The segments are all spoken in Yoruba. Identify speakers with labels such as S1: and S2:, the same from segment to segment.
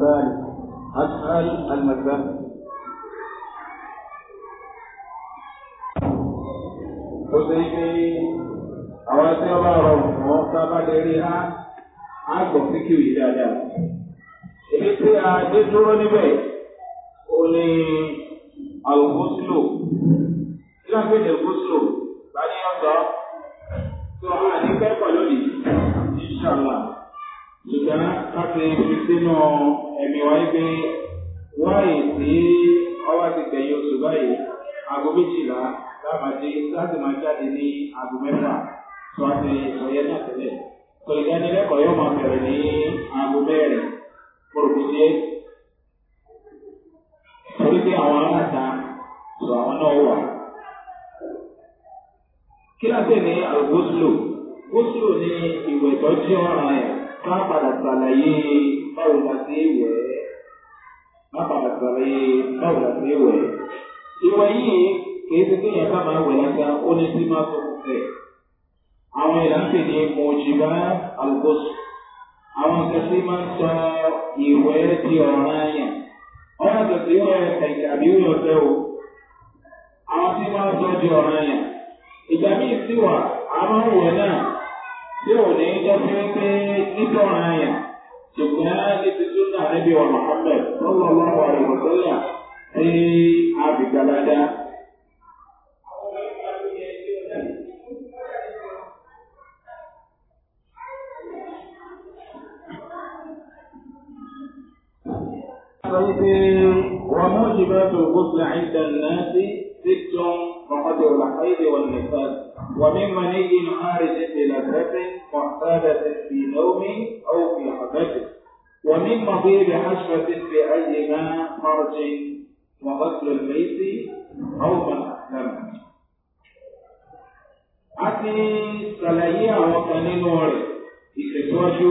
S1: المثالب أسأل المثالب tó ṣe pé àwọn tí wọn bá rọrùn fún ọ tá a bá lè rí a á gbọ́ fíkì yìí dáadáa. èyí tí a dé dúró níbẹ̀ ó ní àlùkòsílò tí wọ́n fi lè kóso láti ọ̀sọ́ tó a ní kẹ́kọ̀ọ́ lónìí ní ṣàlà ká fi fi sínú ọ̀hún ẹ̀mí wáyé pé láì sí ọwọ́ ti tẹ̀yìn oṣù báyìí aago méjìlá láàmàdé láti máa jáde ní aago mẹ́fà tó a ti sọyẹ́ náà tẹ́lẹ̀. sọ ìdánilẹ́kọ̀ọ́ yóò máa bẹ̀rẹ̀ ní aago mẹ́rin kúròkúté torí pé àwọn aláta sọ àwọn náà wà. kí láti ní àlùbọ́sùlù bọ́sùlù ní ìwẹ̀ ọ̀ràn ẹ̀ ká padà sàlàyé Ị la ihe é wẹ̀ ẹ́ má padà sàlàyé báwo la ṣe é wẹ̀ yìí kìí ṣe kéèyàn ká máa wẹ̀ ó ní sí máa tó kù fẹ́. àwọn ìlànà ní mọ̀jìbá àlùkòsù àwọn nǹkan sọ yóò o. àwọn sọ di ìgbà míì sí àwọn náà ní تكون هذه السنة النبي محمد صلى الله عليه وسلم في عبد الله وموجبات الغسل عند الناس ست فقدر الحيض والنفاس ومن مني خارج بلا معتادة في نومي أو في حدثي ومن مضير حشرة في أي ما مرج وغسل الميت أو من أحلم àti ṣàlàyé àwọn kan nínú rẹ̀ ìtẹ̀síwájú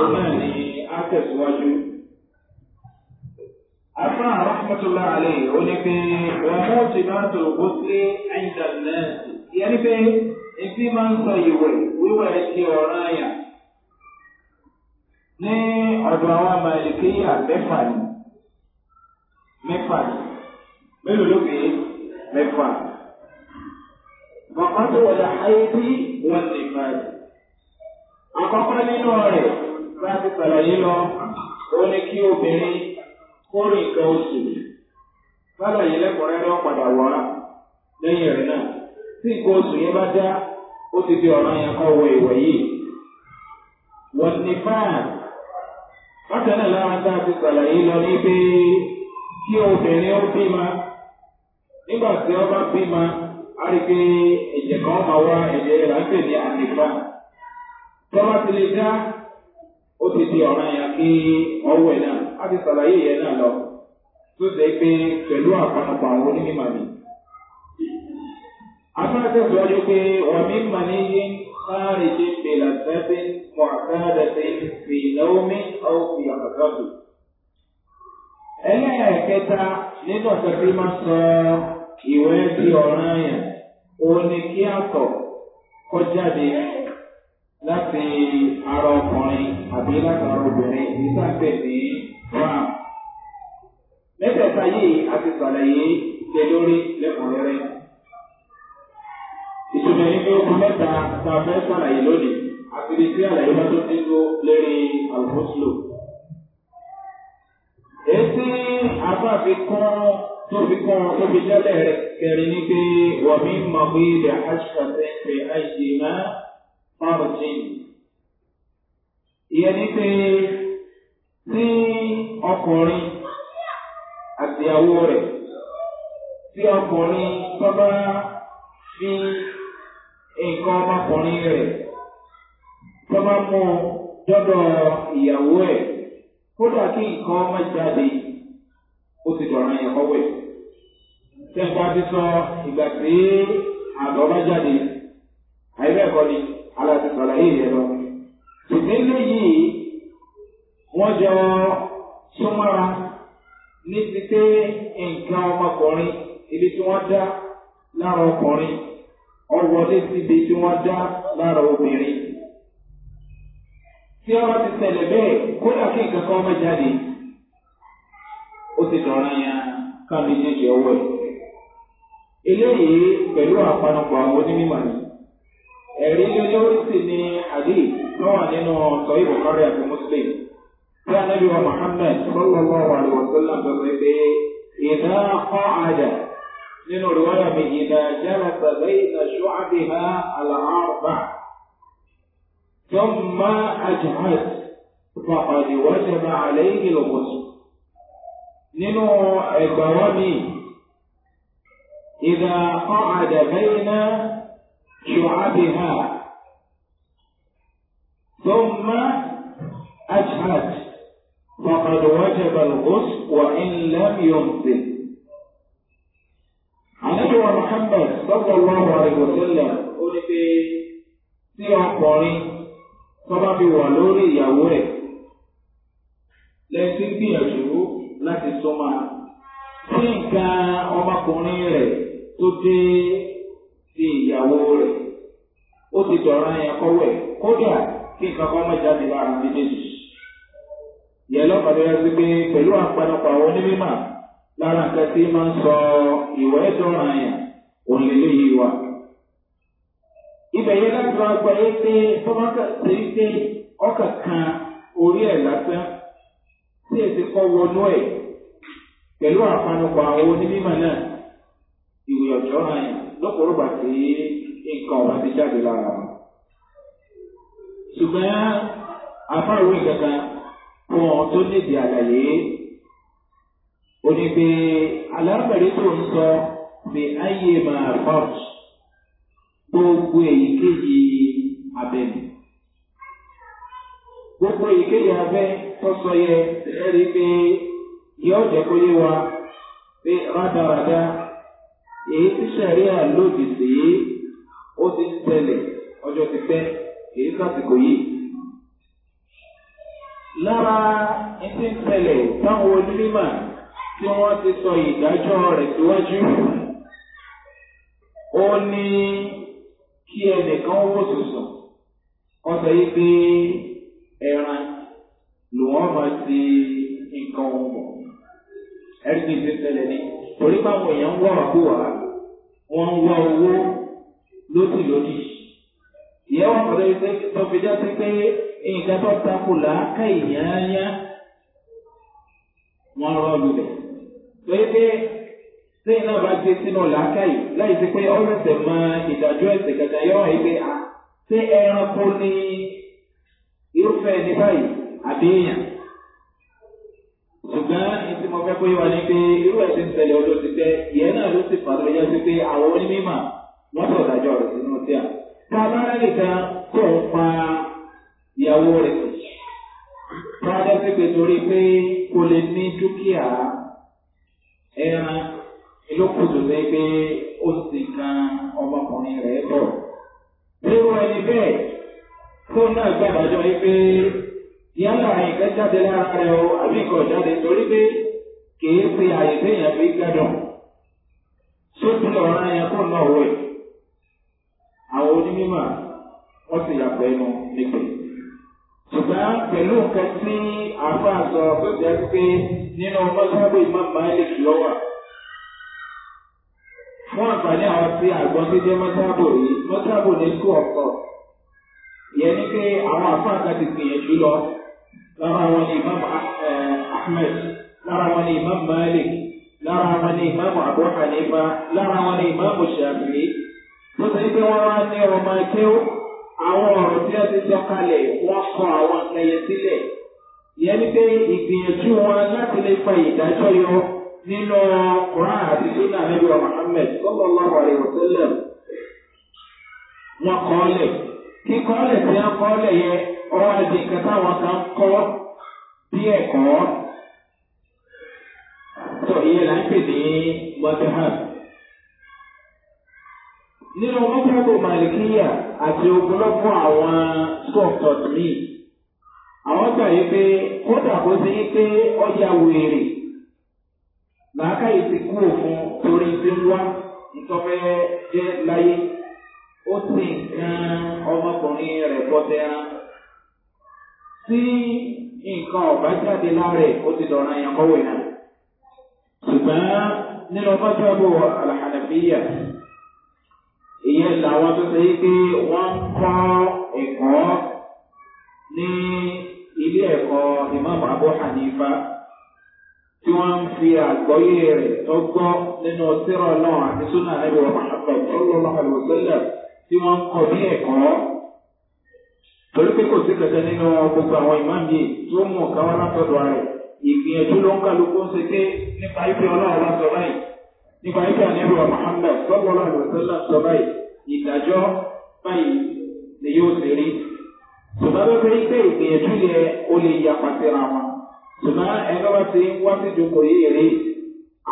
S1: ọ̀nà ni a tẹ̀síwájú. Afa rahmatulah alayhi ó ní pé wọ́n mú ti bá tó gbósílé ẹ̀yìn dànù náà. Ìyẹn ni pé etí máa ń sọ ìwẹ̀ wíwẹ̀ ti ọ̀ràn àyà ní ọ̀dọ̀ àwọn amàlìkéyà mẹ́fà ni mẹ́fà ni mélòó ló gbé mẹ́fà. Bàbá tó wọlé ayébí wọn lè má lè. Àkọ́kọ́ nínú rẹ̀ láti sàlàyé lọ, ó ní kí obìnrin kórè nǹkan oṣù. Sálàyé lẹ́kọ̀ọ́ rẹ̀ lọ́ padà wọ́ra lẹ́yìn rẹ̀ náà. ó ti di ọ̀ràn yẹn kọ́ wọ ìwẹ̀ yìí. wọ́n ní fáàn bákan náà lára tá a ti sàlàyé lọ ní pé kí obìnrin ó bímọ nígbà tí ọba bímọ á rí pé ẹ̀jẹ̀ kan máa wá ẹ̀jẹ̀ rẹ̀ láti ní ànífà. tọ́ba ti lè dá ó ti di ọ̀ràn yẹn kí ọwọ́ ẹ̀ náà á ti sàlàyé yẹn náà lọ tó ṣe pé pẹ̀lú àpapọ̀ àwọn onímọ̀ mi afẹ́tẹ̀sọ́jú pé ọ̀mí màníyí kárìjì bèlàtẹ́bí mọ̀kádàtẹ́ fìlọ́mí ọ̀fì àkàtọ́tù. ẹlẹ́ẹ̀kẹta nínú ọ̀sẹ̀ tí máa sọ ìwé di ọ̀ràn yẹn òun ni kí àtọ̀ kọjáde láti ara ọkùnrin àbí látara obìnrin nígbàgbẹ́ ní ram. mẹ́tẹ̀ẹ̀ta yìí a ti sàlàyé ìtẹ́lórí lẹ́kùnrẹ́rẹ́ ní ogun mẹ́ta tá a fẹ́ sàlàyé lónìí àti ibi tí àlàyé bá tó ti ń lo lérí àlùfóṣùlò. Èsì afáfikún tó fi kún tó fi jẹ́lẹ̀ rẹ̀ kẹrin ní pé wàmí màgbé ilẹ̀ aṣàfẹ́ pé àìsè máa fáwọn jìn. Ìyẹn ní pé tí ọkùnrin àtìyàwó rẹ̀ tí ọkùnrin tọ́ bá fi. nǹkan ọmọkùnrin rẹ̀ tó bá mú un dọ́dọ̀ ìyàwó ẹ̀ kódà kí nǹkan ọmọ jáde ó ti dọ̀rọ̀ yẹn kọ́wé. Tẹ́ǹpá ti sọ ìgbà tí jáde ni lọ. yìí wọ́n jọ súnmọ́ra ní ti pé nǹkan ọmọkùnrin ibi tí wọ́n dá lára ọkùnrin. ọwọlé síbi tí wọ́n dá lára obìnrin. tí ọba ti sẹlẹ̀ bẹ́ẹ̀ kódà kí nǹkan kan má jáde ó ti dọ̀rọ̀ ya káàdì jẹ́jẹ́ ọwọ́ ẹ̀. eléyìí pẹ̀lú àpanupọ̀ àwọn onímọ̀ ni ẹ̀rí lórí sì ni àdé lọ́wọ́ nínú ọ̀sọ̀ ìbùkọ́rẹ́ àti muslim tí anábìwọ̀ muhammed sọ́lọ́wọ́ wà lọ́wọ́ sọ́lá pé ìdá kọ́ àjà. من الورم إذا جلس بين شعبها الأربع ثم أجهز فقد وجب عليه الغسل من الورم إذا قعد بين شعبها ثم أجهد فقد وجب الغسل وإن لم ينزل àdúgbò muhammed sọ́kọ̀ lọ́wọ́ àrègbòsílẹ̀ ó ní pé tí ọkùnrin tó bá fi wà lórí ìyàwó ẹ̀ lẹ́yìn gbìyànjú láti súnmọ́ tí nǹkan ọmọkùnrin rẹ̀ tó dé sí ìyàwó rẹ̀ ó ti dọ̀rọ̀ yẹn kọ́wẹ̀ kódà kí nǹkan kan má jáde lára méjèèjì yẹn lọ́kàdé yẹn sí pé pẹ̀lú àpẹnupọ̀ àwọn onímọ̀. lára nǹkan tí máa ń sọ ìwẹ́ dọ̀ràn yẹn òun lè léyìí wa. ibẹ̀ yẹn láti máa gba yé pé tọ́mọ́tà ṣe é pé ọkà kan orí ẹ̀ lásán tí èsì kọ́ wọnú ẹ̀ pẹ̀lú àpanupọ̀ àwọn onímọ̀ náà ìwé ọ̀jọ́ hàn yẹn lọ́pọ̀lọpọ̀ bàtí nǹkan ọ̀bà jáde lára wọn. ṣùgbọ́n onígbé alámọ̀lẹ́ tó ń sọ fi ayé máa fọ́ọ̀t gbogbo èyíkéyìí abẹ́mi. gbogbo èyíkéyìí abẹ́ tọ́sọ yẹ ẹ̀rí pé yóò jẹ́ kó yé wa pé rada èyí tí sẹ̀ríà lòdì sí ti ń tẹ̀lé ọjọ́ ti pẹ́ èyí sàtìkò yìí. lára ẹni tí ń tẹ̀lé tí wọ́n ti sọ ìdájọ́ rẹ̀ síwájú ó ní kí ẹnìkan wò sùsùn wọ́n sọ yí pé ẹran lòun máa ti nǹkan ọ̀gbọ̀n ẹ̀rí ti ti sẹlẹ̀ ní torí báwọn èèyàn ń wá àkúwà wọ́n ń wá owó lóṣù lórí ìyá wọn kọ̀ lórí tó fi já sí pé nǹkan tó takò làákà ìyáyá wọ́n rọ́ lulẹ̀ lóyún pé sẹ́yìn náà bá gbé sínú làákàyè láì sí pé ọ̀rẹ́sẹ̀ mọ ìdájọ́ ẹ̀sẹ̀ kẹta yọ̀ wáyé pé à ah, ṣé ẹranko ní irúfẹ́ ẹni báyìí àbí èèyàn. ṣùgbọ́n ìtì mo fẹ́ bóyá ni pé irú ẹ̀sìn tẹ̀lé ọdún ti tẹ ìyẹn náà ló sì fàdó ẹjọ́ sí pé àwọn onímọ̀ wọ́n sọ ìdájọ́ rẹ̀ sínú tí a. ká bá rẹ̀ nìkan tó ń pa ìyàwó rẹ̀ tó ajá sí pé ẹran ìlókùtù lé pé ó sì kan ọmọkùnrin rẹ̀ bọ̀. nírú ẹni bẹ́ẹ̀ ebe ya na yìí pé yálà nǹkan jáde lára rẹ o àbí nǹkan jáde torí pé kìí ṣe àyè téèyàn fi gbádùn. sóòtú lọ́ọ̀rán yẹn kó náà wẹ̀. àwọn onímọ̀ wọ́n si ya nu ṣùgbọ́n pẹ̀lú nǹkan tí àfa sọ tó jẹ́ pé nínú mọ́sáàbù ìmọ̀ọ́mọ́ lè fi lọ́wọ́ fún àǹfààní àwọn tí àgbọn tó jẹ́ mọ́sáàbù yìí mọ́sáàbù ní kú ọ̀pọ̀ ìyẹn ni pé àwọn àfa kan ti gbìyànjú lọ lára wọn ni imam eh, ahmed lára wọn ni imam malik lára wọn ni imam abu hanifa lára wọn ni imam shafi tó ṣe pé wọ́n wá ní ọmọ akéwò. àwọn ọ̀rọ̀ tí wọ́n ti sọ kalẹ̀ wọ́n sọ àwọn akẹyẹ sílẹ̀ yẹn ni pé ìgbìyànjú wọn láti lè fa ìdájọ́ yọ nínú quran àti sunna nabi wa muhammed sallallahu alayhi wa sallam wọn kọ́ lẹ̀ kíkọ́ lẹ̀ tí wọ́n kọ́ lẹ̀ yẹ ọwọ́ àti nǹkan táwọn kan kọ́ bí ẹ̀kọ́ tó ìyẹn là nínú mọ́tàbù màlìkíyà àti ogunlọ́gbọ̀n àwọn sọ̀tọ̀t mi. àwọn gbà yí pé kódà kó ti yí pé ọjà wèrè làákàyè ti kú òfun torí ti ń wá ìtọ́fẹ́ jẹ́ láyé ó ti nǹkan ọmọkùnrin rẹ̀ bọ́tẹ́rán tí nǹkan ọ̀bá jáde ó ti dọ̀ràn yẹn kọ́wé náà. ṣùgbọ́n nínú ìyẹn làwọn tó ṣe pé wọ́n kọ́ ẹ̀kọ́ ní ilé ẹ̀kọ́ ìmáàmù abu hanifa tí wọ́n ń fi àgbọ́yé rẹ̀ tó gbọ́ nínú sírọ̀ náà àti súnà ẹ̀rọ mahamad ọlọ́lọ́ àlùsẹ́lẹ̀ tí wọ́n ń kọ́ ní ẹ̀kọ́ torí pé kò sí kẹ̀kẹ́ nínú gbogbo àwọn ìmáàmù yìí tí mú ọ̀gá látọ̀dọ̀ rẹ̀ ìgbìyànjú ló ń kálukú ṣe pé nípa ìfẹ́ ọlọ́run lásọ báyìí nípa ìfẹ́ ọlọ́run lọ́sọ́lá báyìí. ìdájọ́ báyìí ni yóò ṣe rí. ṣùgbọ́n ló ṣe pé ìgbìyànjú yẹ o lè ya pàṣẹra wọn. ṣùgbọ́n ẹni wá ti wá sí ìjókòó yìí rí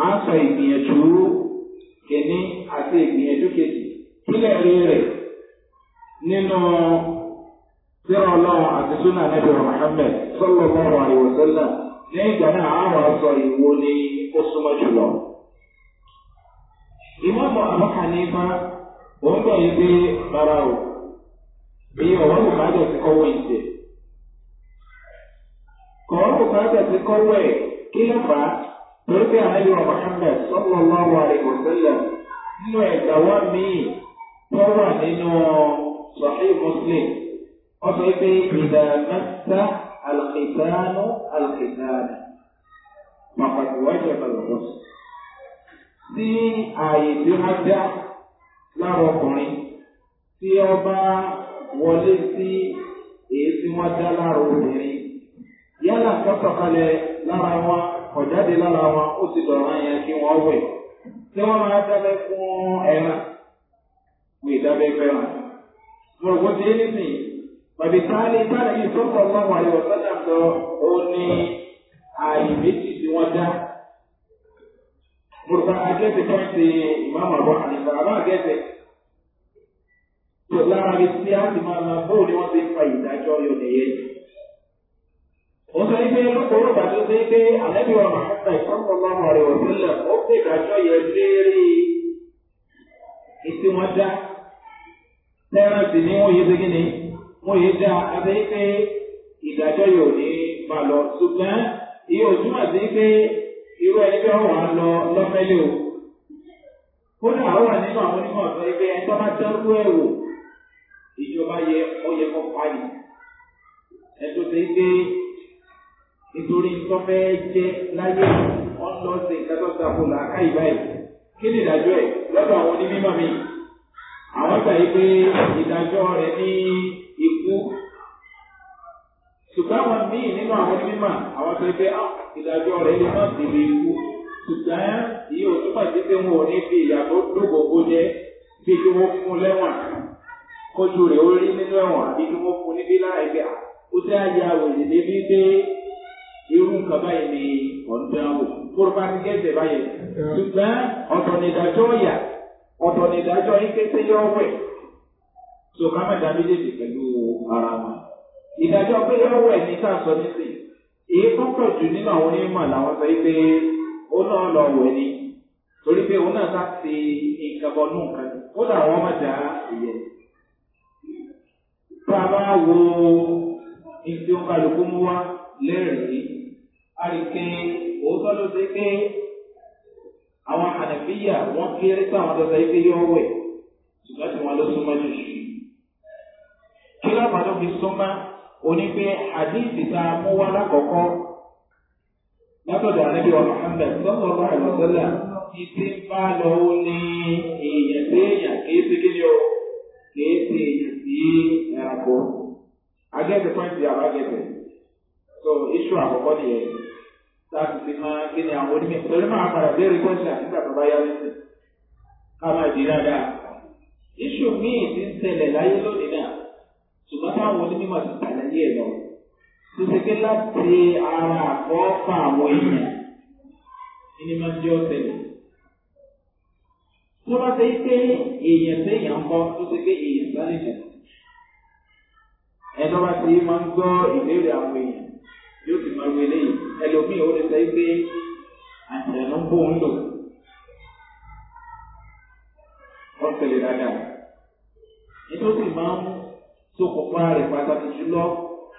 S1: à ń sọ ìgbìyànjú kìíní àti ìgbìyànjú kejì. kílẹ̀ rí rẹ̀ nínú síra ọlọ́run àti súnà mọ́rọ̀ ní ìgbà náà ìwo ni ó súnmọ́ jùlọ. wọ́n gbà yí pé rárá o èyí ọ̀rọ̀ bùkátà ti kọ́wọ́ ìjẹ́ kọ̀ọ̀rọ̀ bùkátà ti kọ́wọ́ ẹ̀ kí ló fà á lórí pé àlejò mohammed sọ́kùnrin ọmọ wa rẹ̀ kò sẹ́lẹ̀ nínú ẹ̀dá wa míì tó wà nínú sahih muslim wọ́n sọ pé ìdá mẹ́ta alkìtánú pàpàtì wájú ẹ̀ka lọ́wọ́ sí ààyè tí wọ́n dá. lára ọkùnrin tí ọba wọlé sí èyí tí wọ́n dá lára obìnrin yálà kọ́sọ̀kalẹ̀ lára wọn ọ̀jáde lára wọn ó sì dọrọ yẹn kí wọ́n wẹ̀ tí wọ́n máa dábẹ́ fún ẹran wọ́n ìdábẹ́ Gbogbo ti bàbí táàlì táàlì sọ Mùrùkà àgẹ́sẹ̀ kan ṣe ìmáàmù àbọ̀ àdìgbà àbá àgẹ́sẹ̀. Tò lára mi tí a ti máa máa bóòlù wọn ti ń fa ìdájọ́ yóò nìyẹn yìí. Ó sọ wípé lókòrò bàtú sí pé àlẹ́bí wa máa ń ta ìfọ́nmọ́ máa wà rẹ̀wọ̀ sílẹ̀ ó pè ìdájọ́ yẹn léèrè ètí wọn dá. Tẹ́rẹ̀ sì ni wọ́n yé pé kí ni wọ́n yé dá abẹ́ pé ìdájọ́ yóò ní balọ̀ ṣùgbọ́n iye irú ẹni bí wọ́n wà lọ lọ́fẹ́lẹ́ o. kódà ó wà nínú àwọn onímọ̀ ọ̀sán ẹgbẹ́ ẹni tó bá tẹ́lú ẹ̀ wò ìjọba yẹ ọyẹ kọ́ pààyè. ẹ̀tọ́ ṣe gbé nítorí tọ́fẹ́ jẹ́ láyé ọ̀nlọ́sẹ̀ ìkẹ́tọ̀sẹ̀ àpòlà àkáyì báyìí kí ni ìdájọ́ ẹ̀ lọ́dọ̀ àwọn onímọ̀ mi àwọn gbà yí pé ìdájọ́ rẹ̀ ní ikú ṣùgbọ́n àwọn míì nínú àwọn onímọ̀ àwọn tó ń ìdájọ́ rẹ̀ lè má sì lè kú ṣùgbọ́n ìyẹn ò túmọ̀ sí pé wọn ò ní fi ìyàtọ̀ lóògbòbò jẹ bí kí wọ́n fún lẹ́wọ̀n kọjú rẹ̀ ó rí nínú ẹ̀wọ̀n àbí kí wọ́n fún níbí láàgbà ó tẹ́ àyà òyìn débi pé irú nǹkan báyìí ni ọ̀dà wò kórópá ti gẹ́sẹ̀ báyìí ṣùgbọ́n ọ̀tọ̀ nìdájọ́ ọ̀yà ọ̀tọ̀ nìdájọ́ ìkété yọ wẹ̀ tó ká má dá méjèèjì pẹ̀lú ara wọn ìdájọ́ pé yọ wẹ̀ ní sáà èyí pọ́pọ̀ jù nínú àwọn onímọ̀ làwọn sọ pé ó náà lọ wẹ̀ ni torí pé òun náà bá nǹkan bọ nù nǹkan ni ó dà wọ́n má ìyẹn. a bá wo ibi ó kálukú mú wá a rí pé òótọ́ ló ṣe pé àwọn ànàbíyà wọ́n kéré pé àwọn tọ́ta ibi yóò wẹ̀ ṣùgbọ́n tí wọ́n lọ súnmọ́ jù. kí ló tó fi súnmọ́? onipe àdìsí tá a mú wá lákọ̀ọ́kọ́ látọ̀dọ̀ wa muhammed sọ́kọ̀ bá àlọ́sọ́là ti ti bá lọ ní èèyàn sí èèyàn kìí ṣe kí ni o kìí ṣe èèyàn sí agẹ́gẹ́ so iṣu àkọ́kọ́ nìyẹn láti ti máa kí ni àwọn onímọ̀ pẹ̀lú máa padà bẹ́ẹ̀ rí kọ́ṣà nígbà tó bá yá lẹ́sìn ká máa di dáadáa. iṣu míì ti ṣùgbọ́n táwọn onímọ̀ ti ṣàlàyé ẹ̀ lọ. tó ṣe pé láti ara àkọ́fà àwọn èèyàn ní máa jẹ́ ọ̀tẹ̀lẹ̀. tó bá ṣe pé èèyàn sẹ́yìn ń kọ́ tó ṣe pé èèyàn sáré jù. ẹ̀dọ́ bá ti máa ń gbọ́ ìbéèrè àwọn èèyàn yóò sì máa wọlé yìí ẹlòmíì ó lè sọ pé àjẹ̀nú ń bò ń lò. ọ̀tẹ̀lẹ̀ dáadáa. ètò sì máa ń tó kópa rẹ̀ pàtàkì jùlọ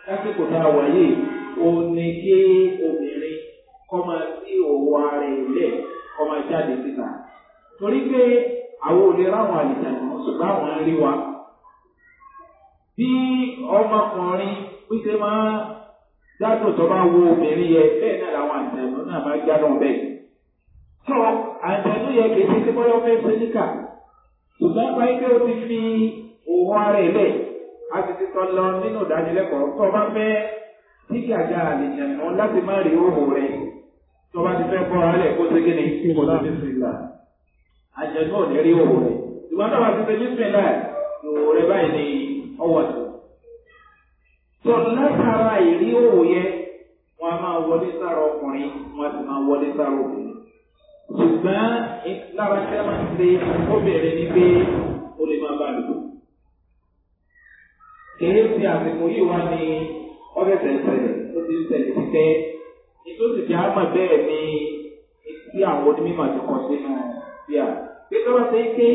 S1: lásìkò tá a wà yìí ó ní kí obìnrin kọ́ máa sí òwò ara ìlẹ̀ kọ́ máa jáde síta. torí pé àwọn ò lè ráwọn àlìjànà ṣùgbọ́n àwọn ń rí wa. bí ọmọkùnrin wíṣẹ́ máa dáàtò tó bá wo obìnrin yẹ bẹ́ẹ̀ náà làwọn àjẹ̀nú náà máa gbádùn bẹ́ẹ̀. sọ àjẹ̀nú yẹ kì í ṣe kí bọ́lá fẹ́ ṣe níkà pé ó ti fi òwò ara ìlẹ̀ a ti ti tọ́ lọ nínú ìdánilẹ́kọ̀ọ́ tó o bá fẹ́ kíkì àjà àlèyàn kan láti má rí òhò rẹ̀ tó o bá ti fẹ́ bọ́ alẹ̀ kó ṣe kéde kó ṣe bí sílá àjẹ náà ní rí òhò rẹ̀ ìwọ́n náà wà ti ṣe bí sílá òhò rẹ̀ báyìí ni ọwọ́ tó. tó látara ìrí òhò yẹn wọn a máa wọlé sára ọkùnrin wọn a sì máa wọlé sára obìnrin ṣùgbọ́n lára tí máa ń ṣe obìnrin ni pé ó lè máa bá a kèé ti àsìkò yìí wá ní ọ̀rẹ́sẹ̀sẹ̀ tó ti tẹ̀lé títẹ́ ìtòsí ti àmọ̀ bẹ́ẹ̀ ni tí àwọn onímọ̀ ti kọ̀ sínú bí a. pé tọ́lá ṣe é ké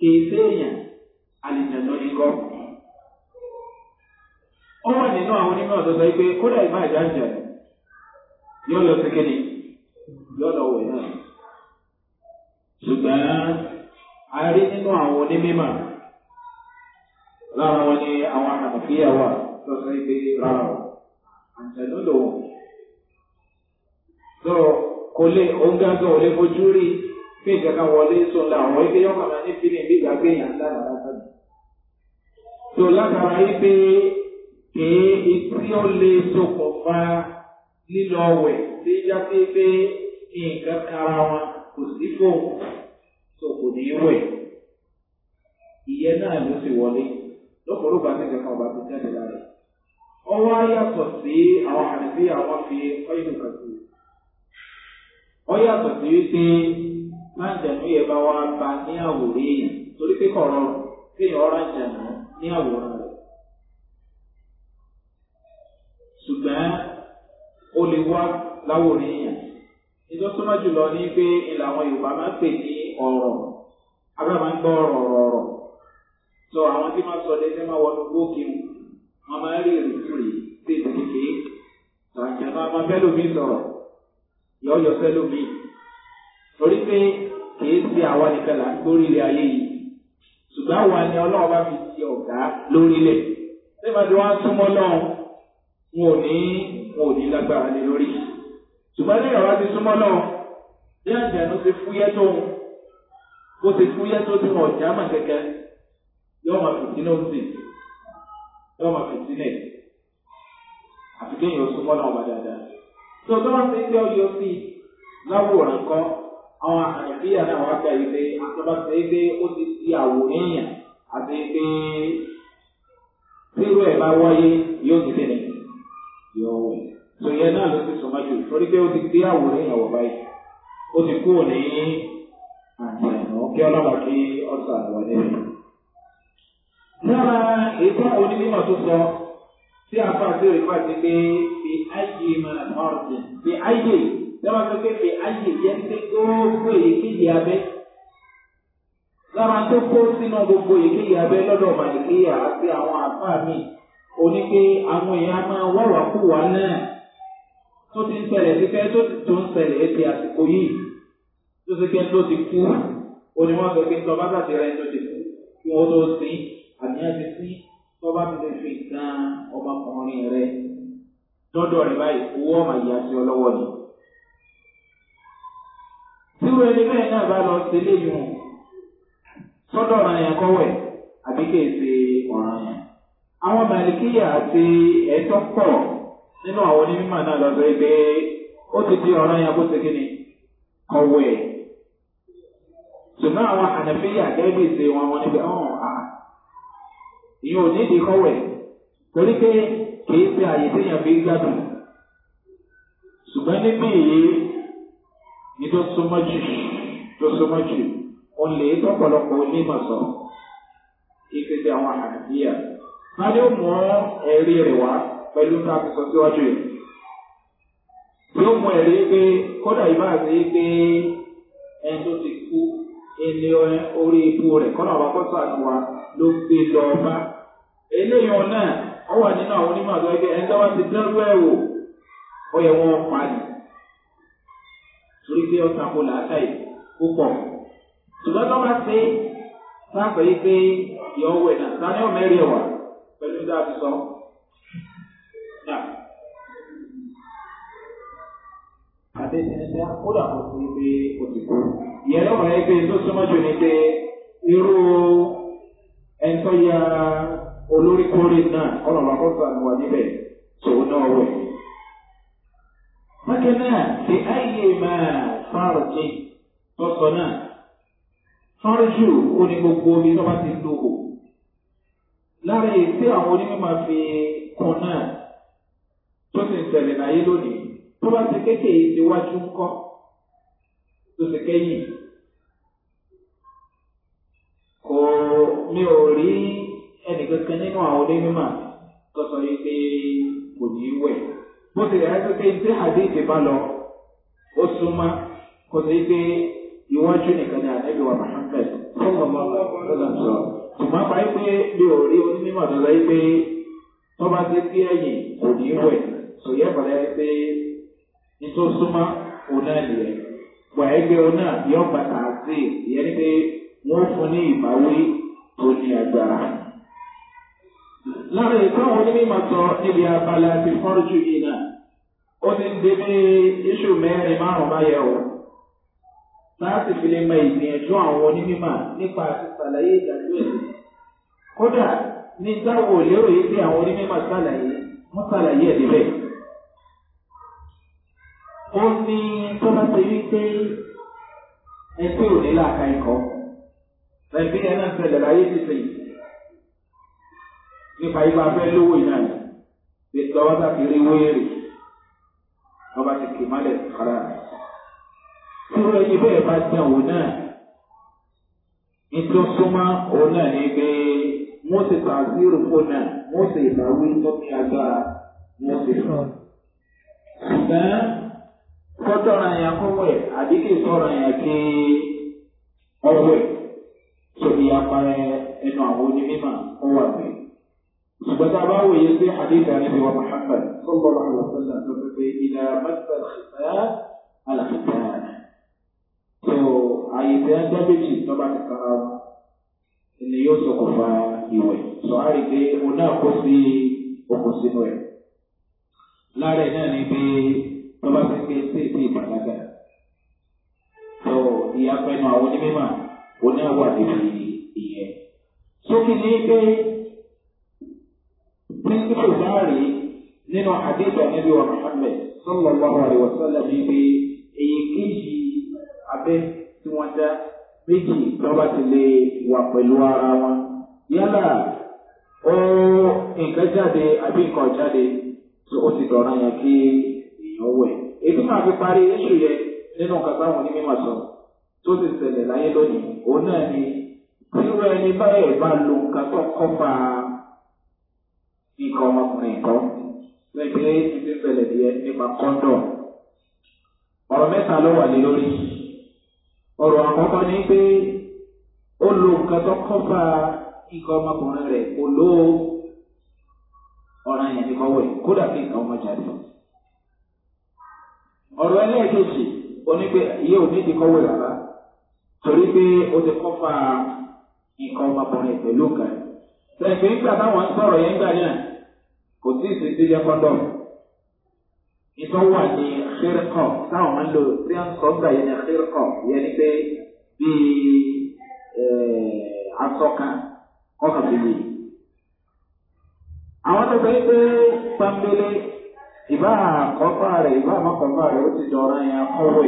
S1: kèé séèyàn àlìjàndó ikọ́. ó wà nínú àwọn onímọ̀ tó sọ pé kódà ìmọ̀ àjàjà yóò lọ sí kéde yóò lọ wẹ̀ náà. ṣùgbọ́n a rí nínú àwọn onímọ̀ lára wọn ni àwọn àkàkíyà wà tó sọ pé rárá o àǹtẹ̀lú lò wọ́n. tó kò lè oúnjẹ ò lè fojú rí bí ìjọba wọlé sọ la àwọn ibi yọkàn máa ní fílẹ̀ bí ìgbàgbé yàn lára lásán. tó látara yìí pé tí ó lè ṣokùnfà lílọ wẹ̀ tí jáde pé nǹkan kara wọn kò sí fóun tó ní wẹ̀ ìyẹn náà ló sì wọlé. lókòrò gba tẹ̀lé kan ọba tó jáde lára rẹ̀. ọwọ́ sí àwọn àlùfí àwọn fi sí. ọ yàtọ̀ sí wípé máa jẹ̀nú yẹ bá wá ba ní àwòrán kọrọ torí pé kọrọ rọrùn pé ọ̀rá ní àwòrán ó lè wá láwòrán jùlọ ní pé ìlànà yorùbá máa sọ àwọn tí máa sọ lẹ́sẹ̀ máa wọnú gbókè mu wọn máa rí ìrìnkúrì tètè kéke tàǹjà máa máa fẹ́ lómi sọ̀rọ̀ yọ̀ọ́yọ̀ fẹ́ lómi torí pé kìí ṣe àwa nìkan là ń gbórí ilé ayé yìí ṣùgbọ́n àwa ni ọlọ́run bá fi ti ọ̀gá lórílẹ̀ nígbà tí wọ́n á súnmọ́ náà wọn ò ní wọn ò ní lágbára lé lórí ṣùgbọ́n lẹ́yìn ọ̀rá ti súnmọ́ náà bí àjànú ti fúyẹ́ tó ń bó ti fúyẹ́ tó ti hàn jámà kẹ̀kẹ́ yọ ọmọ fìtínà òsì yọ ọmọ fìtínà àfi kéèyàn oṣù mọ́ náà wà dáadáa. tó tọ́ wọn ṣe ń tẹ́ ọyọ sí i láwòrán kọ́ àwọn àyàfíà náà wá gba ìgbé àtọ́ba ṣe é pé ó ti di àwòrán yàn àti pé tírú ẹ̀ bá wáyé yóò ti tẹ̀lé yóò wẹ̀. sòyẹn náà ló ti sọmọ jù torí pé ó ti di àwòrán yàn wọ̀ báyìí ó ti kúrò ní àjẹ́ ọ̀kẹ́ ọlọ́wà kí ọ̀sán àgbà níbi lára ètò onímọ̀ tó sọ tí a fà sí ìrìnà ti pé fi ayé máa ọ̀rọ̀ fi ayé lọ́wọ́ sọ pé fi ayé yẹn ti gbogbo èyíkéyìí abẹ́ lára tó kó sínú gbogbo èyíkéyìí abẹ́ lọ́dọ̀ màlìkéyà àti àwọn àfáà mi òní pé àwọn èèyàn máa wáwà kú wa náà tó ti ń ṣẹlẹ̀ sí fẹ́ tó ti tó ń ṣẹlẹ̀ ti àsìkò yìí tó ti kẹ́ ló ti kú òní wọ́n sọ bá tàbí rẹ̀ tó ti kú kí wọ́n tó sìn àbí àti sí tọ́ba ti lè fi kan ọmọkùnrin rẹ lọ́dọ̀ rẹ báyìí owó ọmọ ìyá sí ọ lọ́wọ́ ni. tíru ẹni bẹ́ẹ̀ náà bá lọ sí ilé yìí sọ́dọ̀ ọ̀ràn yẹn kọ́wẹ̀ àbí kèé ṣe ọ̀ràn yẹn. àwọn màlìkíyà àti ẹ̀tọ́ pọ̀ nínú àwọn onímọ̀ náà lọ́dọ̀ ẹgbẹ́ ó ti di ọ̀ràn yẹn bó ṣe kí ni kọ́wẹ̀. ṣùgbọ́n àwọn ànàfíyà gẹ́gẹ́ bí ṣe wọn wọn níbi ọ̀hún ìyẹn ò ní ìdí kọ́wẹ̀ torí pé kìí ṣe àyè téèyàn fi gbádùn ṣùgbọ́n níbí yìí ni tó súnmọ́ jù tó súnmọ́ jù òun lè tọ́pọ̀lọpọ̀ onímọ̀ sọ ìpèsè àwọn àdìyà sáré ó mú ẹ̀rí rẹ̀ wá pẹ̀lú tá a fi sọ síwájú yìí yóò mú ẹ̀rí pé kódà ìbáà sí pé ẹni tó ti kú. ẹni orí ipò rẹ̀ kọ́nà ọba kọ́sà wa ló gbé lọ bá. eléyìí ọ̀nà ọ wà nínú àwọn onímọ̀ àti ẹgbẹ́ ẹni tó bá ti dẹ́rù ẹ̀ wò ó yẹ wọ́n parí. torí pé ọ̀sán kò láàtà yìí púpọ̀. ṣùgbọ́n tó bá ṣe sáfẹ́ yìí pé ìyọ̀wọ̀ sani ìyẹn lọ́wọ́ rẹ pé tó súnmọ́ jù ní pé irú ẹni tó ya olórí kórè náà ọlọ́run akọ́sà ni wà níbẹ̀ tòun náà wẹ̀. bákan náà ti àyè máa fárọ̀jì tọ́sọ náà fárọ̀jù ó ní gbogbo omi tó bá ti lòkò. lára èsì àwọn onímọ̀ máa fi kún náà tó sì ń tẹ̀lé náà yé lónìí tó bá ti kékeré ti wájú ń kọ́ tó ti kẹ́yìn. Kò mi ò rí ẹnìkankan nínú àwọn onímọ̀ tó sọ yìí pé kò ní wẹ̀. Mo ti rẹ̀ ẹ́ pé tí àdéhìí bá lọ, ó súnmọ́ kò sí pé iwájú nìkan ni àdébí wa Muhammad fún ọmọ ọlọ́run sọ. Ṣùgbọ́n pa pé mi ò rí onímọ̀ tó sọ yìí pé tó bá ti gbé ẹ̀yìn kò ní wẹ̀. Sòyẹ́ pàdé pé nítorí súnmọ́ òun náà wà ẹgbẹ́ ọ náà yọ bàtà àti ìyẹn ni pé wọ́n fún ní ìbáwí tó ní agbára. lára ìtàn àwọn onímọ̀ sọ abala ti fọ́rọ̀jù yìí náà ó ti ń débí iṣu mẹ́rin márùn-ún báyẹ̀ o. láti fi lè mọ ìgbìyànjú àwọn onímọ̀ nípa àtìsàlàyé ìdájọ́ kódà ní táwọn yìí àwọn onímọ̀ sàlàyé wọ́n sàlàyé ẹ̀ ó ní tó bá ti rí pé ẹ pé òní làákà ikọ̀ ẹbí ẹ náà fẹlẹ̀ láyé títì nípa ibà fẹ́ lówó iná yìí lọ́wọ́ tá fi rí wéèrè lọ́ba ti kì mọ́lẹ̀ kára. Tíwọ́ ẹni bẹ́ẹ̀ bá jẹ́ òun náà nítorí súnmọ́ òun náà ní pé wọ́n ti ta zero fún náà wọ́n ti ìbáwí tó ní agbára wọ́n ti sọ. Ṣùgbọ́n sọ́tọ̀rọ̀ yẹn kó wẹ̀ àbí kì í sọ̀rọ̀ yẹn kí ọwẹ́ sọ̀rọ̀ yẹn parẹ́ ẹnu àwọn onímọ̀ ó wà bẹ́ẹ̀. ṣùgbọ́n tá a bá wòye sí àdéhùn àti ìwà muhammad sọ́kọ̀ àwọn ọ̀sán tó fi pé ìlà mẹ́ta ṣẹ̀dá àlàkìtà. tó àyè tẹ́ ń dábèjì lọ́ba ti kára wọn ni yóò ṣokùnfà ìwẹ̀ sọ á rí i náà kó sí okùn sínú ẹ̀. lára náà ni lọ́ba fi ń gbé tí èsì ìbàdàgà. tó ìyàpẹnu àwọn onímọ̀ oníwà níbi ìyẹn. sókè ní pé píńsípù bá rí nínú àdéhùn níbi wa muhammed sallallahu alayhi wa sallam ní pé èyí kéjì abẹ́ tí wọ́n dá méjì lọ́ba ti lè wà pẹ̀lú ara wọn. yálà ó nǹkan jáde àbí nǹkan jáde tó ó ti dọ̀ràn yẹn kí ìnáwó ẹ̀. ètò máa fi parí iṣu yẹn nínú kàtà àwọn onímọ̀ sọ tó ti ṣẹlẹ̀ láyé lónìí òun náà ni tírú ẹni báyẹ̀ bá lo nǹkan tó kọ́fà ikọ̀ ọmọkùnrin kan pẹ̀lú ti ti ṣẹlẹ̀ díẹ̀ nípa kọ́ńdọ̀ ọ̀rọ̀ mẹ́ta ló wà lé lórí ọ̀rọ̀ àkọ́kọ́ ni pé ó lo nǹkan kọ́fà ikọ̀ ọmọkùnrin rẹ̀ kò lóo ọ̀ràn yẹn ní kọ́wé kódà kí nǹkan ọmọ jáde ọ̀rọ̀ ẹlẹ́ẹ̀kejì onígbé ìyẹ́ òní ti kọ́wé rárá torí pé ó ti kọ́ fa nǹkan ọmọkùnrin pẹ̀lú kan sẹ́ǹkì nígbà táwọn ń sọ̀rọ̀ yẹn gbà náà kò tí ì sí sí jẹ́ kọ́ndọ̀m ìtọ́wà ní xírkọ̀ táwọn máa ń lò tí wọ́n sọ gbà yẹn ní xírkọ̀ yẹn ni pé bíi asọ́ka ọkàn bèbè àwọn tó sọ pé pàmbélé. ìbá àkọ́fà rẹ̀ ìbá àmọ́kọ́fà rẹ̀ ó ti jọra yẹn akọ́wé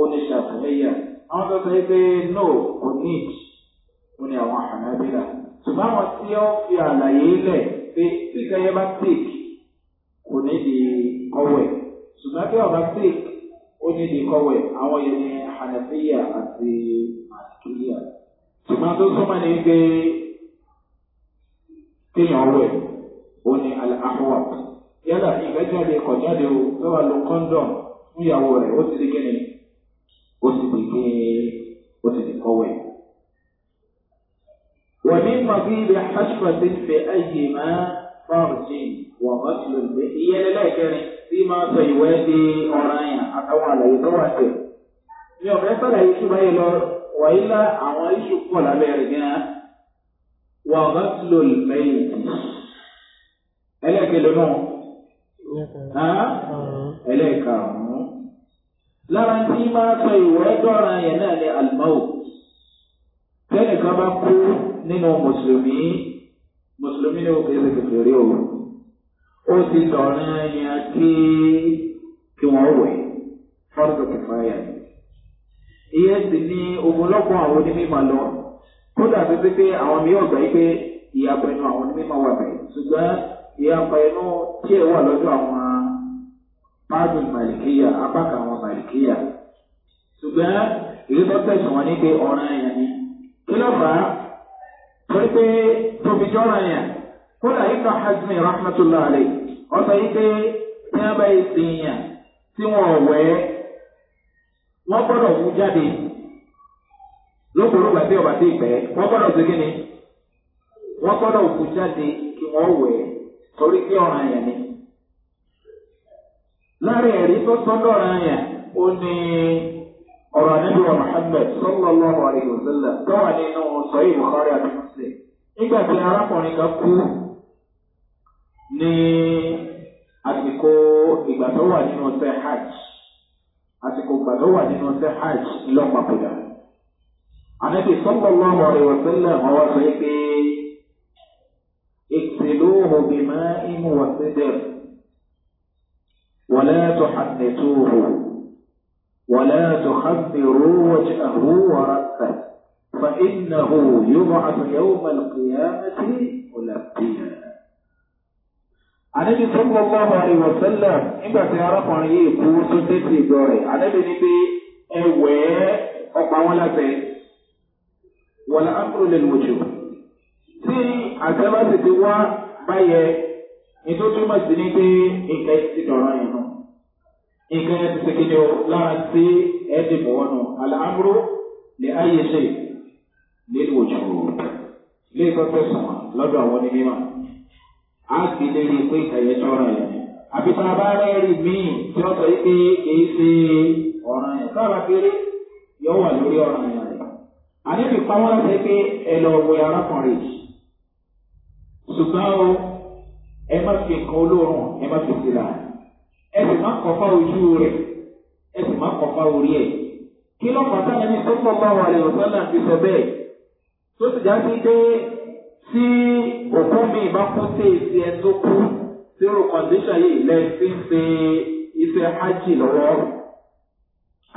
S1: oníṣàkúlẹ́yà àwọn no kò ní ìjì ó ní àwọn àhànábílà ṣùgbọ́n àwọn tí ó fi di kọ́wé ṣùgbọ́n tí ọba di kọ́wé àwọn yẹn ní àhànábíyà yálà ìgbẹ́jáde kọ̀jáde o tó wà lo kọ́ńdọ̀m fún ìyàwó rẹ̀ ó ti di kíni ó ti di gbé ó ti di kọ́wẹ́. wọ́n ní màbílẹ̀ aṣọ́ọ̀dé fẹ́ ayé máa fáwọ̀jì wọ́n bá ti lò lé ìyẹn lẹ́ẹ̀kẹrin tí máa sọ ìwé di ọ̀ràn yàn àtàwọn àlàyé tó wà tẹ̀. mi ò fẹ́ sọ̀rọ̀ yìí ṣùgbọ́n lọ wàyí lá àwọn iṣu pọ̀ lábẹ́ rẹ̀ gan-an wọ́n bá ti lò lẹ́yìn ẹlẹ́ẹ̀kẹrin náà ẹlẹ́ẹ̀karùn-ún lára tí máa sọ ìwẹ́ dọ́ra yẹn náà ni àlùmáwò tẹ́nìkan bá kú nínú mùsùlùmí mùsùlùmí ni ó kéde kékeré o ó ti dọ̀rin ẹ̀yìn kí kí wọ́n wẹ̀ fọ́tò kìfáyà ìyẹn sì ni ogunlọ́gbọ̀n àwọn onímọ̀ lọ kódà pé pé àwọn mi ò gbà yí pé ìyàpẹ̀nu àwọn onímọ̀ wà bẹ̀ ṣùgbọ́n. ìyapa inú tí ẹ wà lọ́dọ̀ àwọn páàdì màlìkíyà apákan àwọn màlìkíyà ṣùgbọ́n ìrìbọ tẹ̀sán wọn ní pé ọ̀ràn ẹ̀yàn ni kí ló fà á torí pé tóbi jọ́ra yẹn kódà ibà hasmi rahmatulah yìí pé tí wọ́n bá tí wọ́n wẹ̀ ẹ́ wọ́n gbọ́dọ̀ jáde lókòrò ìgbẹ́ wọ́n gbọ́dọ̀ sí kí ni torí pé ọ̀ràn yẹn ni. lára ẹ̀rí tó sọ́dọ̀ ọ̀ràn yẹn ó ní ọ̀rọ̀ níbi wa muhammed sallallahu alayhi wa sallam tó wà nínú sọ̀yìn bukhari àti muslim. nígbà tí arákùnrin kan kú ní àsìkò ìgbà tó wà nínú ṣe hajj àsìkò ìgbà tó wà nínú ṣe hajj lọ́pàá kúdà. ànábì sallallahu alayhi wa sallam wọ́n wá sọ pé. بماء وسدر ولا تحنثوه ولا تخبروا وجهه ورأسه فإنه يبعث يوم القيامة ملبيا anabi sallallahu alayhi wa sallam nígbà tí arákùnrin yìí kú tó tẹ́tí ìjọ rẹ̀ anabi ní bí ẹwẹ́ ọ̀pá wọn lábẹ́ wọlé amúlẹ̀ lójú tí àtẹ́bá sì ti arakunrin yii ku to teti ijo re anabi ni bi ewe opa won labe báyẹ ètò túmọ̀ sí ni pé nǹkan ti dọ̀rọ̀ yẹn nù nǹkan ti sèkéde o lára sí ẹ̀ẹ́dì bọ̀wọ́ nù àlàáfúró lè ayé ṣe nílùú òjò lè tọ́jú sùn lọ́dọ̀ àwọn onímọ̀ á fi lè rí i pé ìkàyẹ̀ tọ́ra yẹn àbí tá a bá rẹ́ẹ̀rì míì tí wọ́n sọ pé kìí ṣe ọ̀ràn yẹn sábà kéré yóò wà lórí ọ̀ràn yẹn rẹ̀ àníbi pamọ́ láti pé ẹ lọ wọ arákùnrin yìí ṣùgbọ́n o ẹ má fi nǹkan olóòórùn ẹ má fi síra ẹ sì má kọfá ojú rẹ ẹ sì má kọfá orí ẹ kí ló kọ́ sáà níbi tó bá wà lẹ́yìn ọ̀sán náà fi sọ bẹ́ẹ̀ tó já sí pé tí òkú mi bá kú sí èsì ẹ tó kú zero condition yìí lẹ́yìn tí ń ṣe iṣẹ́ hajj lọ́wọ́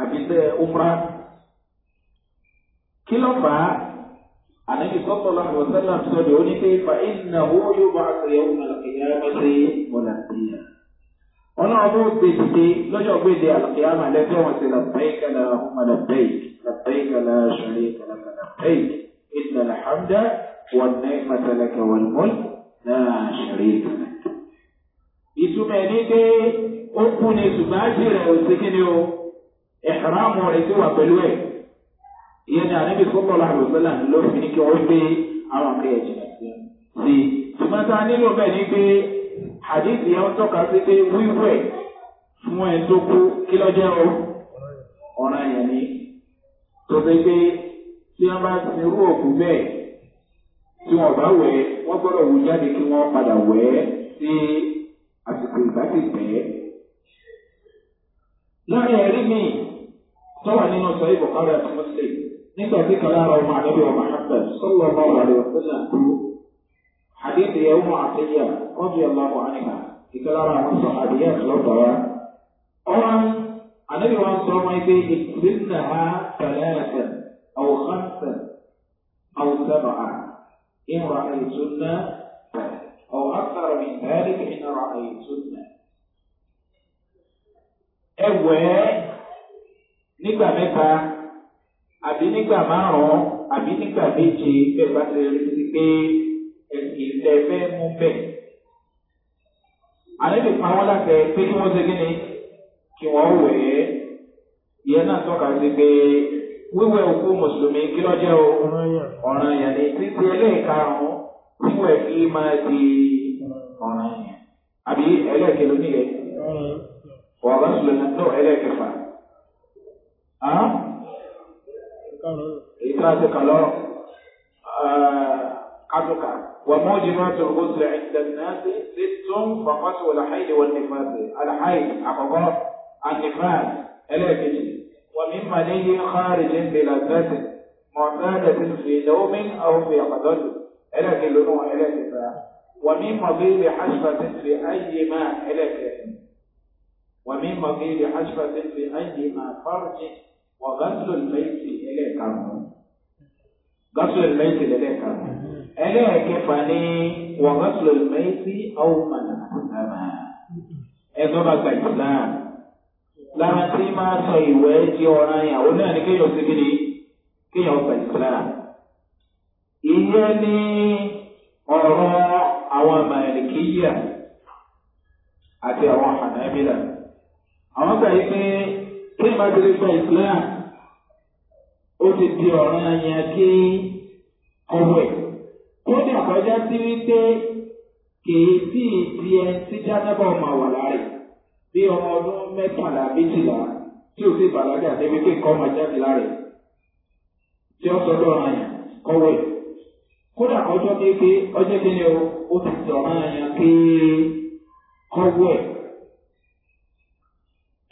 S1: àbí iṣẹ́ umrah kí ló fà á. Ànábì sọ́tọ̀lá àwọ̀sẹ́lá sọ̀rọ̀ ó ní pé fa iná owó yóò bá aṣọ ìyàwó àlàkìyà bá ṣe mọ̀làkìyà. Ọlọ́run bó ṣe dìde lọ́jọ́ gbèdé àlàkìyà máa lẹ́tọ́ wọn ṣe làbẹ́yì kala ọmọlàbẹ́yì làbẹ́yì kala ṣọ̀rẹ́ kala kàlàbẹ́yì ìdá làhàmdà wọn ní màtàlẹ́kẹ̀ wọn mọ́l náà ṣọ̀rẹ́ kala. Ìtumọ̀ ẹni pé ó kú ni ṣùgbọ́n àjẹrẹ̀ òṣèkínni o, ìhàrámù rẹ̀ ti wà pẹ̀lú ẹ̀ ìyẹn ni àníbi sọ́kọ̀ láàrú sọ́là ló fi ní kí wọ́n gbé àwọn akẹ́yẹ̀ jìnnà sí i. ṣùgbọ́n tá a nílò bẹ́ẹ̀ ni pé àdéhùn yẹn ń tọ́ka sí pé wíwẹ̀ fún ẹ tó kú kí lọ́jọ́ o ọ̀ràn yẹn ni. tó fi pé tí wọ́n bá ti rú òkú bẹ́ẹ̀ tí wọ́n bá wẹ̀ wọ́n gbọ́dọ̀ wù jáde kí wọ́n padà wẹ̀ sí àsìkò ìgbà ti ẹ̀rí mi tọ́wà nínú sọ ìbùkárẹ̀ àti mọ́sílẹ̀ نفى بك لا مع نبي ومحمد صلى الله عليه وسلم حديث يوم عطية رضي الله عنها إكلارا من صحابيات لطوة أولا النبي صلى الله عليه وسلم اكفرنها ثلاثا أو خمسا أو سبعا إن رأيت سنة أو أكثر من ذلك إن رأيت رأيتن أولا نبى متى àbí nígbà márùn-ún àbí nígbà méje bẹ́ẹ̀ bá ti rí sí pé ẹ̀sìn ilẹ̀ fẹ́ mú bẹ́ẹ̀. àlejò pa wọ́n láti pé kí wọ́n ṣe kí ni kí wọ́n wẹ̀ ẹ́ ìyẹn náà tọ́ka sí pé wíwẹ̀ òkú mùsùlùmí kí lọ́jọ́ ọ̀ràn yẹn ni títí ẹlẹ́ẹ̀karùn-ún tí wọ́n fi máa di ọ̀ràn yẹn àbí ẹlẹ́ẹ̀kẹ́ rẹ̀ wọ́n bá sùlẹ̀ náà ẹlẹ́ẹ̀kẹfà. èyí آه، وموجبات الغسل عند الناس ست والنفاس أخبار النفاس إلى ومن مني خارج بلا معتادة في نوم أو في قدر إلى إلى ومن حشفة في أي ماء إلى ومن حشفة في أي ماء فرج وغسل الميت ẹlẹ́ẹ̀karùn-ún gọ́sùlù ẹlẹ́mẹ́sì lẹ́lẹ́ẹ̀karùn-ún ẹlẹ́ẹ̀kẹfà ní wọ́n gọ́sùlù ẹlẹ́mẹ́sì ọ̀húnmọ̀nà àbá ẹ̀tọ́ bá tí máa sọ ìwẹ́ di ọ̀ràn ìyàwó náà ní ní ọ̀rọ̀ àwọn màlìkíyà àti ni ti ó ti di ọ̀ràn yẹn kí ọwẹ́ kódà kọjá sí wípé kìí tí di ẹ sí jánábà ọmọ bí ọmọ ọdún mẹ́tàlá méjìlá tí ò sì bàlágà débi pé kọ́ máa jáde tí ó o ó ti di ọ̀ràn yẹn kí kọ́wẹ́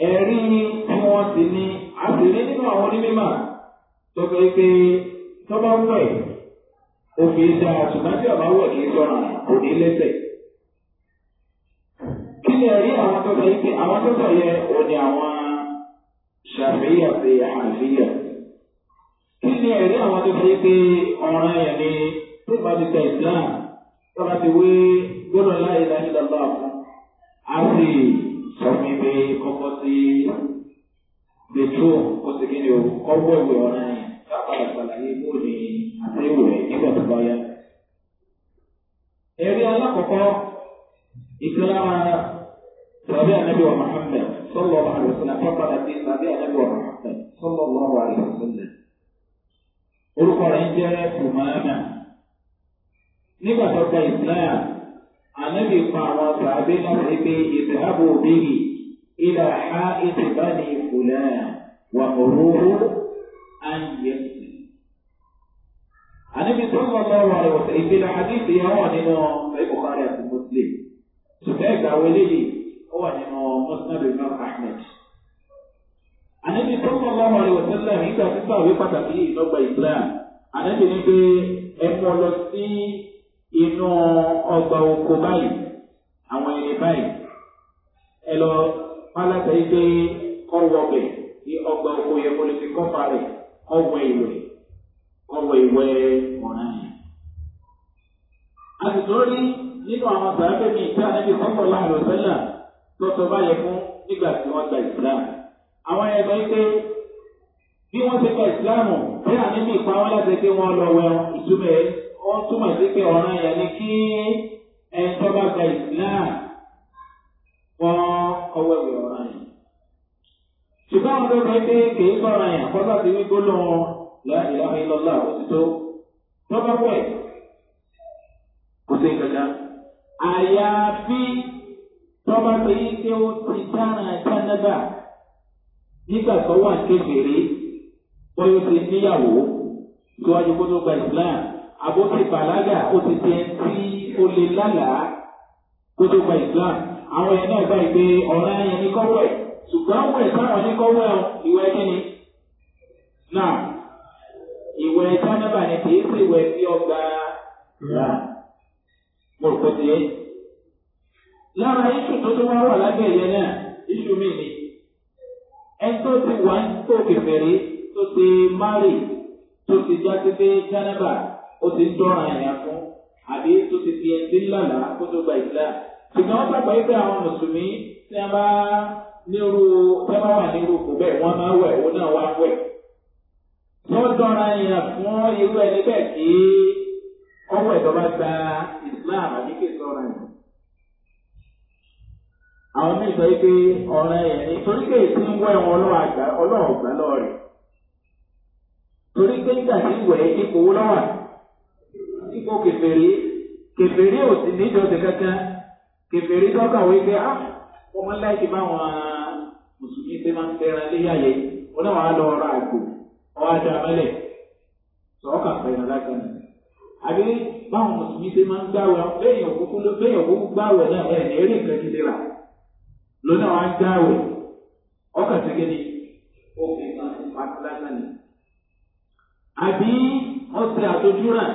S1: ẹ̀rí ni tí wọ́n ti ní nínú tó fẹ́ pé tọ́ba ń wẹ̀ ó ṣe àtúntàjẹ́ ọ̀bá wẹ̀ kì í sọ̀rọ̀ kò ní lẹ́sẹ̀. kí ni ẹ̀rí àwọn shafi fẹ́ pé àwọn tó yẹ ò ní àwọn ṣàfihàn pé àfihàn. kí ni ẹ̀rí àwọn tó fẹ́ pé ọ̀ràn yẹn ni tó bá ti tẹ̀ a sábà ṣàlàyé bóòlì àtẹ́wò rẹ̀ nígbà tó bá yá. ẹ̀rí alákọ̀ọ́kọ́ ìkìlára sàbí ànábì wa muhammed sọlọ wa àlùsọ̀nà pápára bíi sàbí ànábì wa muhammed sọlọ wa àlùsọ̀nà. orúkọ rẹ̀ wà òróró. أن يسلم النبي صلى الله عليه وسلم في الحديث يرون أنه في البخاري في مسلم سبعك ولدي هو أنه مسند الإمام أحمد النبي صلى الله عليه وسلم عند تسعة وقت في نوبة إسلام النبي نبي أمولوسي inú ọgbà oko báyìí àwọn ẹni báyìí ẹ lọ pálátà yìí pé kọ́ wọ bẹ̀ ní ọgbà oko yẹ kó lè fi kọ́ fa rẹ̀. Ọgwụ iwe, ọgwụ iwe ọ̀ràn a sì tó rí nínú àwọn sàrábẹ́ mi ìta níbi sọ́kọ̀ láàrọ̀ sẹ́là tó sọ fún nígbà tí wọ́n gba ìsìlámù. àwọn bí wọ́n ti gba ìsìlámù àní wọn láti pé wọ́n lọ wẹun ìtumẹ̀ wọ́n túmọ̀ sí pé ọ̀ràn yẹn ṣùgbọ́n àwọn tó sọ pé kì í sọ̀rọ̀ yẹn àkọ́sà ti wí gbólóhùn láìláhà ìlọ́lá òtítọ́ tọ́ba pọ̀ ẹ̀ kò sí kankan. àyàfi tọ́ba pé ike ó ti dára Canada nígbà tó wà kékeré bóyá ó ti níyàwó síwájú kó tó gba Islam àbó ti bàlágà ó ti di ẹni tí ó lè lálàá kó tó gba Islam àwọn yẹn náà gbà pé ọ̀rẹ́ yẹn ní kọ́wọ́ ẹ̀. ṣùgbọ́n àwọn ẹ̀ka wọn ìwẹ̀ kíni. náà ìwẹ̀ jánábà ni kì í sí ọgbà rà lára iṣu tó tó wá wà lábẹ́ ìyẹn náà iṣu mi ni ẹni tó ti wà ń tó tó ti márì tó ti fún àbí tó ti fi gba ìlà. ṣùgbọ́n gbàgbọ́ àwọn mùsùlùmí tí a nírú tọ́lá wà nírú kò bẹ́ẹ̀ wọ́n máa wẹ̀ òun náà wá wẹ̀. lọ́dọ̀ọ̀ra yẹn fún irú ẹni bẹ́ẹ̀ kí ọwọ́ ìjọba gba islam àdíkè sọ̀rọ̀ yẹn. àwọn míì sọ pé ni torí pé èsì ń torí pé nígbà tí ìwẹ̀ owó ò wọ́n máa ń láìsí báwọn mùsùlùmí ṣe máa ń tẹran lé yàyẹ wọn náà wàá lọ ra àgbò ọwọ́ ajá mẹ́lẹ̀ sọ̀rọ̀ kà pẹ̀lú alágbọ̀n àbí báwọn mùsùlùmí ṣe máa ń gbáwẹ̀ lẹ́yìn òkúkú lẹ́yìn òkúkú gbáwẹ̀ náà ẹ̀ ní eré nǹkan ti lera lónà wàá gbáwẹ̀ ọkà tẹ́gẹ́ ni òfin máa ń pa lásán ni. àbí wọ́n ṣe àtọ́júrà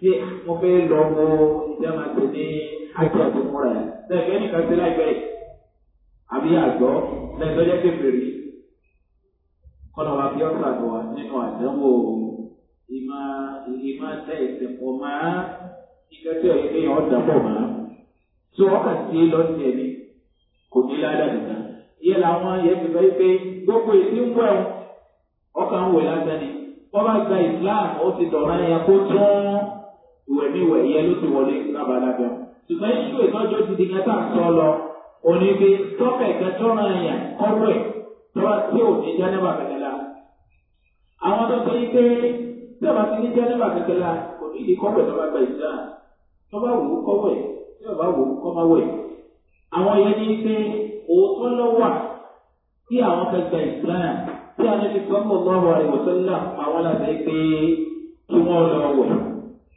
S1: tí mo fẹ́ lọ́ọ́ mọ́ ìjàmbá tẹ̀lé àjọ àti múra ẹ̀ àbí àjọ lẹ́tọ́jẹ́ kékeré kọ́nà wa bí ọ̀sà lọ wa nínú àdánwò ìmọ̀ ìmọ̀ tẹ ìsìnkú máa ìgbà tí ọ̀yẹ́ kéèyàn ọ̀dà pọ̀ máa tó ọkà sí lọ sí ẹni kò ní ládàá nìkan yẹ làwọn yẹn ti pé gbogbo èsì ń wẹ̀ ọkà ń wẹ̀ lásán ni wọ́n gba islam ó ti dọ̀rọ̀ ẹ̀yà kó tún ìwẹ̀míwẹ̀ yẹn ló ti wọlé lábàlábẹ́ ṣùgbọ́n ìṣú ìtọ́jú ti di kẹta sọ lọ onígbé tọ́ka ìkẹtọ́nà ẹ̀yà kọ́rọ̀ ẹ̀ tọ́wá tí ò ní jẹ́nẹ́bà kẹkẹlá. àwọn tó sọ yí pé tí ọba ti ní jẹ́nẹ́bà kẹkẹlá kò ní ìdí kọ́rọ̀ ẹ̀ tọ́ba gba ìjà tọ́ba wò ó kọ́rọ̀ ẹ̀ tí ọba wò ó kọ́má wẹ̀. àwọn yẹn ní pé òótọ́ lọ wà tí àwọn fẹ́ gba ìjà tí a ní fi sọ́kọ̀ lọ́wọ́ àìwòsàn náà àwọn làbẹ́ pé kí wọ́n lọ wẹ̀.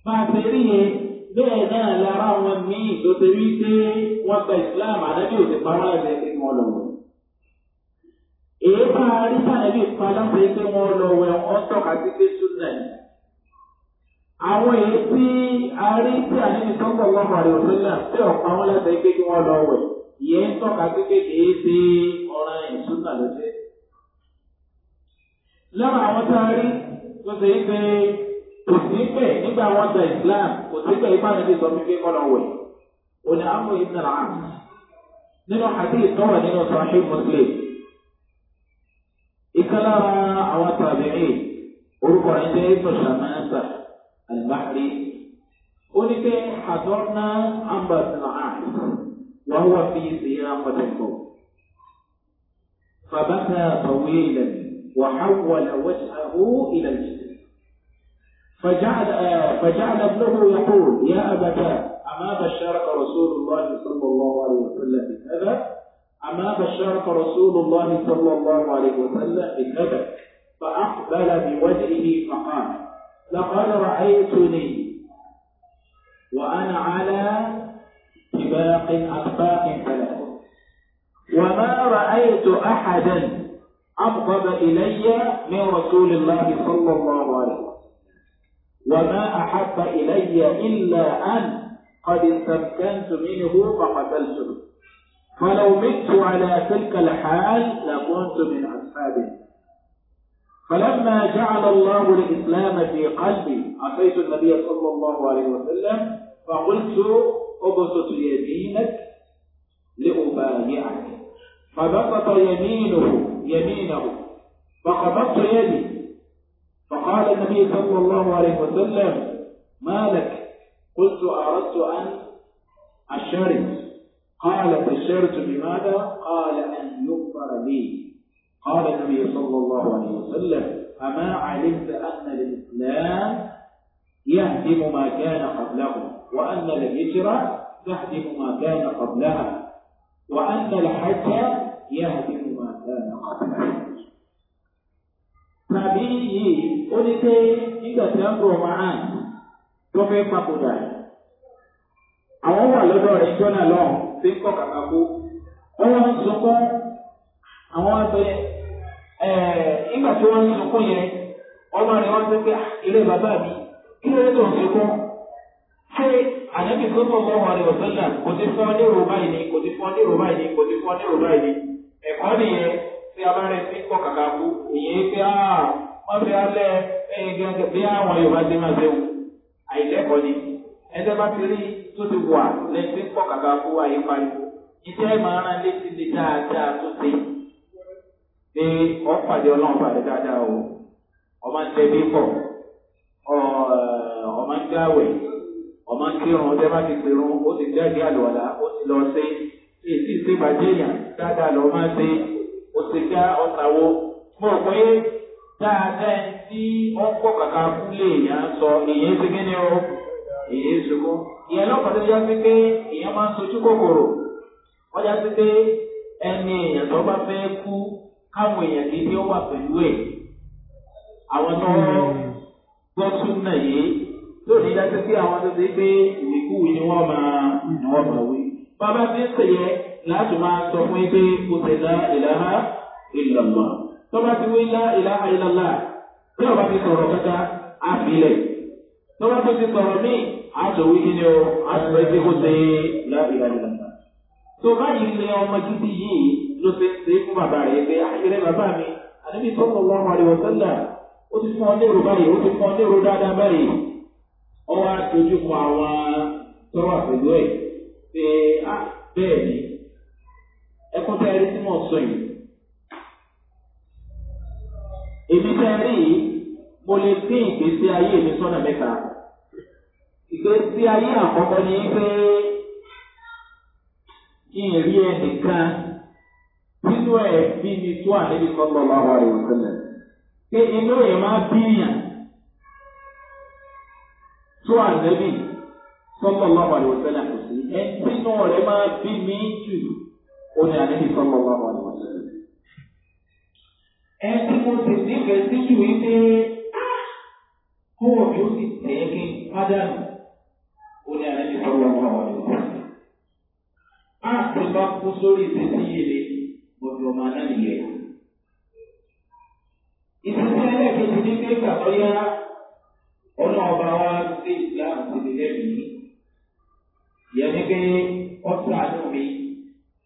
S1: máa ṣe rí yẹn bẹ́ẹ̀ náà lára wọn míì tó ṣe wí gba islam àdájọ́ òsì pamọ́ ẹ̀jẹ̀ pé wọ́n lọ wẹ̀. èyí bá a rí sànẹ́bí paláṣẹ pé wọ́n lọ wẹ̀ wọ́n tọ́ka sí pé súnà yìí. àwọn èyí tí a rí tí a ní sọ́kọ̀ wọn pàdé òfin náà tí ọ̀pá wọn lẹ́sẹ̀ pé kí wọ́n lọ wẹ̀ ìyẹn ń tọ́ka sí pé kì í ṣe ọ̀ràn ìsúnà lọ́sẹ̀. lára àwọn tá kò sí pé nígbà wọn gba islam kò sí pé ipá níbi sọ fífi kọ́ lọ wẹ̀ òní amú ibn al-am nínú hadith tó wà nínú sahih muslim ìkàlára àwọn tàbíyì orúkọ rẹ̀ jẹ́ ibn shamasa al-bahri ó ní pé àdọ́nà ambas al-am wà fi ìsìnyá pàtàkó fàbàtà tàwílẹ̀ wàhálà wàjà ó ilẹ̀ yìí. فجعل فجعل ابنه يقول يا أبتاه أما بشرك رسول الله صلى الله عليه وسلم بكذا أما بشرك رسول الله صلى الله عليه وسلم بكذا فأقبل بوجهه فقال لقد رأيتني وأنا على سباق أسباق ثلاث وما رأيت أحدا أبغض إلي من رسول الله صلى الله عليه وسلم وما أحب إلي إلا أن قد استمكنت منه فقتلته فلو مت على تلك الحال لكنت من أصحابه فلما جعل الله الإسلام في قلبي عصيت النبي صلى الله عليه وسلم فقلت أبسط يمينك لأبايعك فبسط يمينه يمينه فقبضت يدي فقال النبي صلى الله عليه وسلم ما لك قلت أردت أن أشرد قال بشرت بماذا قال أن يغفر لي قال النبي صلى الله عليه وسلم أما علمت أن الإسلام يهدم ما كان قبله وأن الهجرة تهدم ما كان قبلها وأن الحج يهدم ما كان قبله tàbí yìí ó ní pé nígbà tí wọ́n bọ̀ ọmọ àn tó fẹ́ papòdà
S2: àwọn wà lọ́dọ̀ rẹ̀ jọ́nà lọ́n
S1: tí ń kọ́ kàkà kú wọ́n ń sunkún àwọn àti nígbà tí wọ́n ń sunkún yẹn ọmọ rẹ̀ wọ́n ti pé ah, ilé bàbá mi kí ló dé sunkún ṣé ànábì tó tọ̀ lọ́wọ́ rẹ̀ ọ̀sán náà kò ti fọ́ ní ìrò tí a bá rẹ̀ sí kọ́ kàkà kú ìyẹn pé á ah, wọ́n fi alẹ́ ẹyin gẹ́gẹ́ bí àwọn yorùbá ti máa ṣe wù àìlẹ́kọ̀ọ́ ni ẹ̀jẹ̀ bá ti rí tó ti wà lẹ́yìn pé kọ́ kàkà kú àyè parí iṣẹ́ máa rán létí lè dáadáa tó ṣe pé ọ̀pàdé ọlọ́run pàdé dáadáa o ọmọ ń tẹ̀lé pọ̀ ọmọ ń gbáwẹ̀ ọmọ ń kírun ọjọ́ bá ti pèrún ó ti jáde àlùwàlá ó ti lọ sí èsì ìṣèbàjẹ́ yàn dáadáa lọ́ọ́ máa ṣe é. ó ti dá ọ̀sàwó mo rò pé dáadáa tí wọ́n pọ̀ kàkà fún lè sọ èyí ya kí ni o èyí ṣubú ìyẹn lọ́kàn tó yá sí pé máa ń sojú kòkòrò pé ẹni èèyàn tó bá fẹ́ kú káwọn èèyàn kì í ní pẹ̀lú ẹ̀ àwọn tó hmm. gbọ́ pé àwọn tó láti máa sọ fún yín pé o ti la ìlànà ìlànà tọ́ba ti wí la ìlànà ìlànà tí ọba ti sọ̀rọ̀ kẹta á fi ilẹ̀ tọ́ba tó ti sọ̀rọ̀ míì á sọ wí kí ni o á sọ fẹ́ pé o ti la ìlànà ìlànà. tó báyìí ni ọmọ títí yìí ló ti ṣe é fún bàbá rẹ̀ pé àṣírí ah, bàbá mi àdébí sọ́kọ̀ wọn wà lè wọ́sẹ́lá ó ti fún ọ lérò báyìí ó ti fún ọ lérò dáadáa ah, bẹ́ẹ̀ ni ẹkún tẹ́ ẹrí tí mo sọ yìí. èmi tẹ́ ẹrí yìí mo lè dín ìgbésí ayé mi sọ́nà mẹ́ta. ìgbésí ayé àkọ́kọ́ ni pé kí n rí ẹnìkan nínú ẹ̀ bí mi tó àdébí sọ́kọ̀ bá wà rè wọ́sẹ̀lẹ̀. pé inú ẹ̀ máa bíyàn tó àdébí sọ́kọ̀ bá wà rè wọ́sẹ̀lẹ̀ kò ẹ nínú rẹ̀ máa bí mi jù ó ní àdéhùn sọ́mọ bá wà lọ́wọ́ sílẹ̀. ẹ tí mo sì nífẹ̀ẹ́ sí jù wípé ah, kóò yóò sì tẹ̀ ẹ́ kí n pádànù ó ní àdéhùn sọ́mọ bá wà lọ́wọ́ sílẹ̀. a ti bá kú sórí ìfẹ́sí yìí ni mo fi ọmọ náà nìyẹn. ìfẹ́sí ẹlẹ́ẹ̀kejì ní pé kàtọ́ yára ọlọ́ọ̀bá wa gbé ìgbà àti ìlẹ́mìí yẹn ní pé ọ̀sán àdó mi.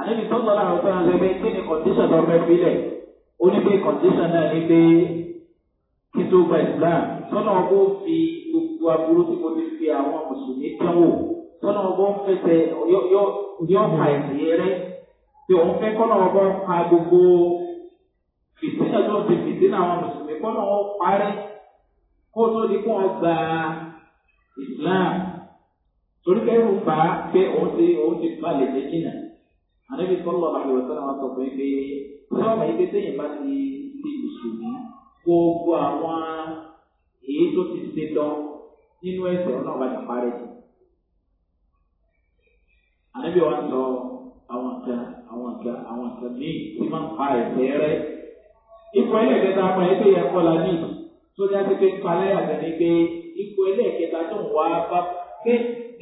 S1: àníbi tó ń la láàárọ̀ sọ́nà ṣe pé kí ni kọ̀ǹdíṣàn tó fẹ́ filẹ̀ ó ní pé kọ̀ǹdíṣàn náà ní pé kí tó gba islam sọ́nà ọkọ̀ fi gbogbo aburú tí mo ti fi àwọn mùsùlùmí tán wò sọ́nà ọkọ̀ ń fẹsẹ̀ yọ pa ẹ̀sìn rẹ pé òun fẹ́ kọ́nà ọkọ̀ pa gbogbo fìtínà tó ń fi fìtínà àwọn mùsùlùmí kọ́nà ọ̀ parẹ́ kó tó di kó gba islam torí kẹ́rù bá pé òun ti òun ti balẹ̀ lẹ́yìn náà ànábì sọ́lọ́ àti ìwọ̀sán wọn sọ pé pé sọ́ọ̀mù yìí pé sẹ́yìn bá ti di mùsùlùmí gbogbo àwọn èyí tó ti ṣe lọ nínú ẹsẹ̀ ọ̀nà ọ̀bàjà parí. ànábì wa sọ àwọn nǹkan àwọn nǹkan àwọn nǹkan míì tí máa ń pa ẹ̀sẹ̀ rẹ̀. ipò ẹlẹ́ẹ̀kẹta pa ẹgbẹ́ yẹn kọ́ la ní tó ní àti pé palẹ́ àgbẹ̀ni pé ipò ẹlẹ́ẹ̀kẹta tó ń wá bá pé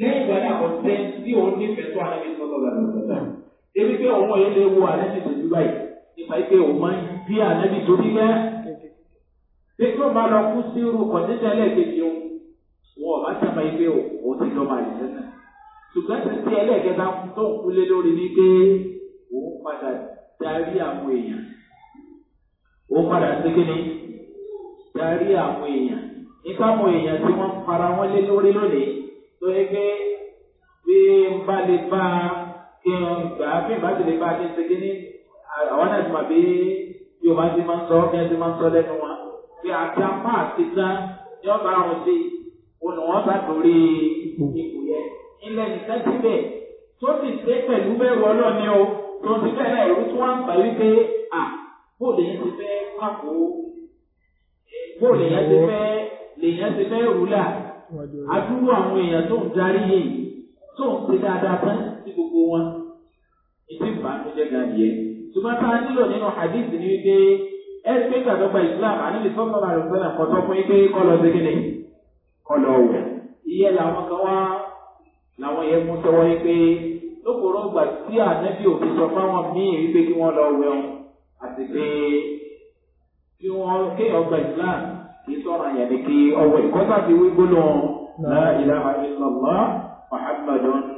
S1: lẹ́yìn ìgbà náà kò sẹ́ tí òun nífẹ̀ẹ́ tó ànábì sọ́lọ́ débi pé òun yẹn lè wo àlẹ́sì tòjú báyìí nípa pé òun máa ń bí àlẹ́bí torí gẹ́. Débi ó máa lọ kú sí irú kọ̀tẹ́tẹ́ ẹlẹ́ẹ̀kejì o, wọn ò bá sábà yí pé òun ti lọ́ọ́ máa yẹn náà. Ṣùgbọ́n tí tí ẹlẹ́ẹ̀kẹta tó ń kú lé lórí ni pé òun padà darí àwọn èèyàn. Òun padà sí kí ni darí àwọn èèyàn. Nípa àwọn èèyàn tí wọ́n fara wọn lé lórí lónìí tó yẹ pé bí n bá lè bá a kí n gbà kí n bá ti lè bá a ní ṣe kí ní àwọn náà ti mà bí yóò bá ti máa ń sọ bí ẹ ti máa ń sọ lẹ́nu wa bí àti apá àti tán ni wọ́n bá wọn ṣe ònà wọn bá torí ipò yẹn ilẹ̀ nìkan síbẹ̀ tó ti ṣe pẹ̀lú bẹ́ẹ̀ wọ́n lọ́ni o èèyàn tó ń darí yìí tó ń ṣe dáadáa tán sí gbogbo wọn ìdí ìbànújẹ́ ga nìyẹn ṣùgbọ́n tá a nílò nínú hadith ni wípé ẹ̀rí pé gbàdọ́gba islam àníbi sọ́kọ̀ bá rẹ̀ sọ́nà kọ́tọ́ fún yín pé kọ́ lọ sí kíni iye làwọn kan wá làwọn yẹn mú sọ́wọ́ yín pé lókòrò gbà tí ànábì òfin sọ fáwọn míì wípé kí wọ́n lọ wẹ̀ àti pé kí wọ́n kéèyàn gba islam kì í sọ̀rọ̀ àyàn ní kí ọwọ́ ìkọ́sàbí wí gbólóhùn náà ìlànà ìlànà muhammadun.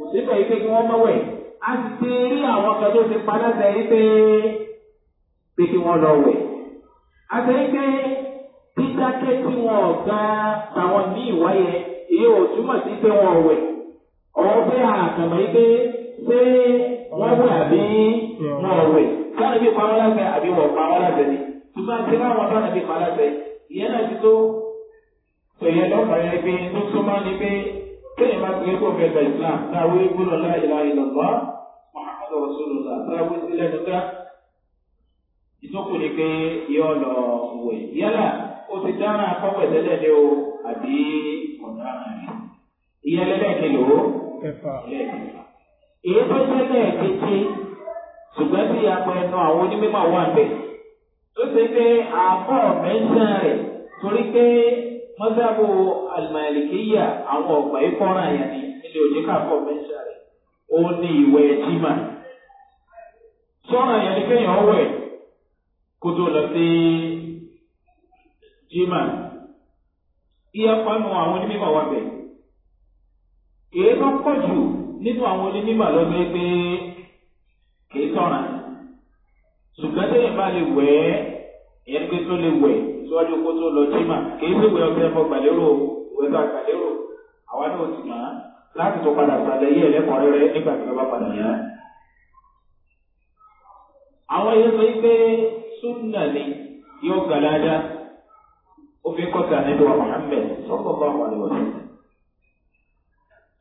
S1: kò síbẹ̀ yìí pé kí wọ́n mọ̀wẹ̀ á ti ti rí àwọn kan tó ti padà sẹ́yìn pé pé kí wọ́n lọ wẹ̀. àtẹ̀yìn pé dídákẹ́ tí wọn ọ̀gá àwọn ní ìwáyẹ èyí ò túmọ̀ sí pé wọn wẹ̀ ọ̀rọ̀ pé àkàmọ̀ yìí pé pé wọ́n wẹ̀ àbí wọn wẹ̀ sáré bí pamọ́ láti àbí wọ̀ pamọ́ láti ni tuntun àti láwọn bá nàbí pamọ́ láti ìyẹn náà ti tó tòyẹ lọ́kàn rẹ pé tó súnmọ́ ni pé téèyàn bá ti ní kó fẹ́ gba islam táwọn eégún lọ láì láì lọ bá muhammadu rasulillah táwọn sílẹ̀ nígbà ìtọ́kù ni pé yọ lọ wẹ̀ yálà ó ti dáná akọ́wẹ̀ lẹ́lẹ́dẹ́ o àbí ọ̀dà rẹ̀ ìyẹn lẹ́lẹ́kẹ̀ lò ó. èyí tó tẹ́lẹ̀ kété ṣùgbọ́n tí apẹ ẹnu àwọn onímọ̀ wà bẹ̀ tó ṣe pé àbọ̀ mẹ́sàn-án rẹ̀ torí pé mọ́sáàbù àlùmáìlìkìyà àwọn ọ̀gbà ìfọ́nrán àyà ni ilé òjì káfọ́ mẹ́ṣà rẹ̀ ó ní ìwẹ̀ jimá. sọ́nà àyà ni kéèyàn wẹ̀ kó tó lọ sí jimá. iye panu àwọn onímọ̀ wà bẹ̀. èyí tó pọ̀ jù nínú àwọn onímọ̀ lọ́dún pé kì tọ̀ràn. ṣùgbọ́n téèyàn bá lè wẹ̀ ẹ́ ẹ̀ẹ́dẹ́gbẹ́ tó lè wẹ̀ síwájú kó tó lọ jímà kì í síwèé ọ̀sẹ̀ mọ́ gbàlérò ìwé tá a gbàlérò àwa náà ti mọ̀ án láti tó padà sàlẹ̀ yí ẹ̀lẹ́kọ̀ọ́ rẹ nígbà tí wọ́n bá padà yá. àwọn yẹn sọ pé súnà ni yóò gbà ládá ó fi kọ́ta níbi wa muhammed sọ́kọ̀ bá wà lọ́wọ́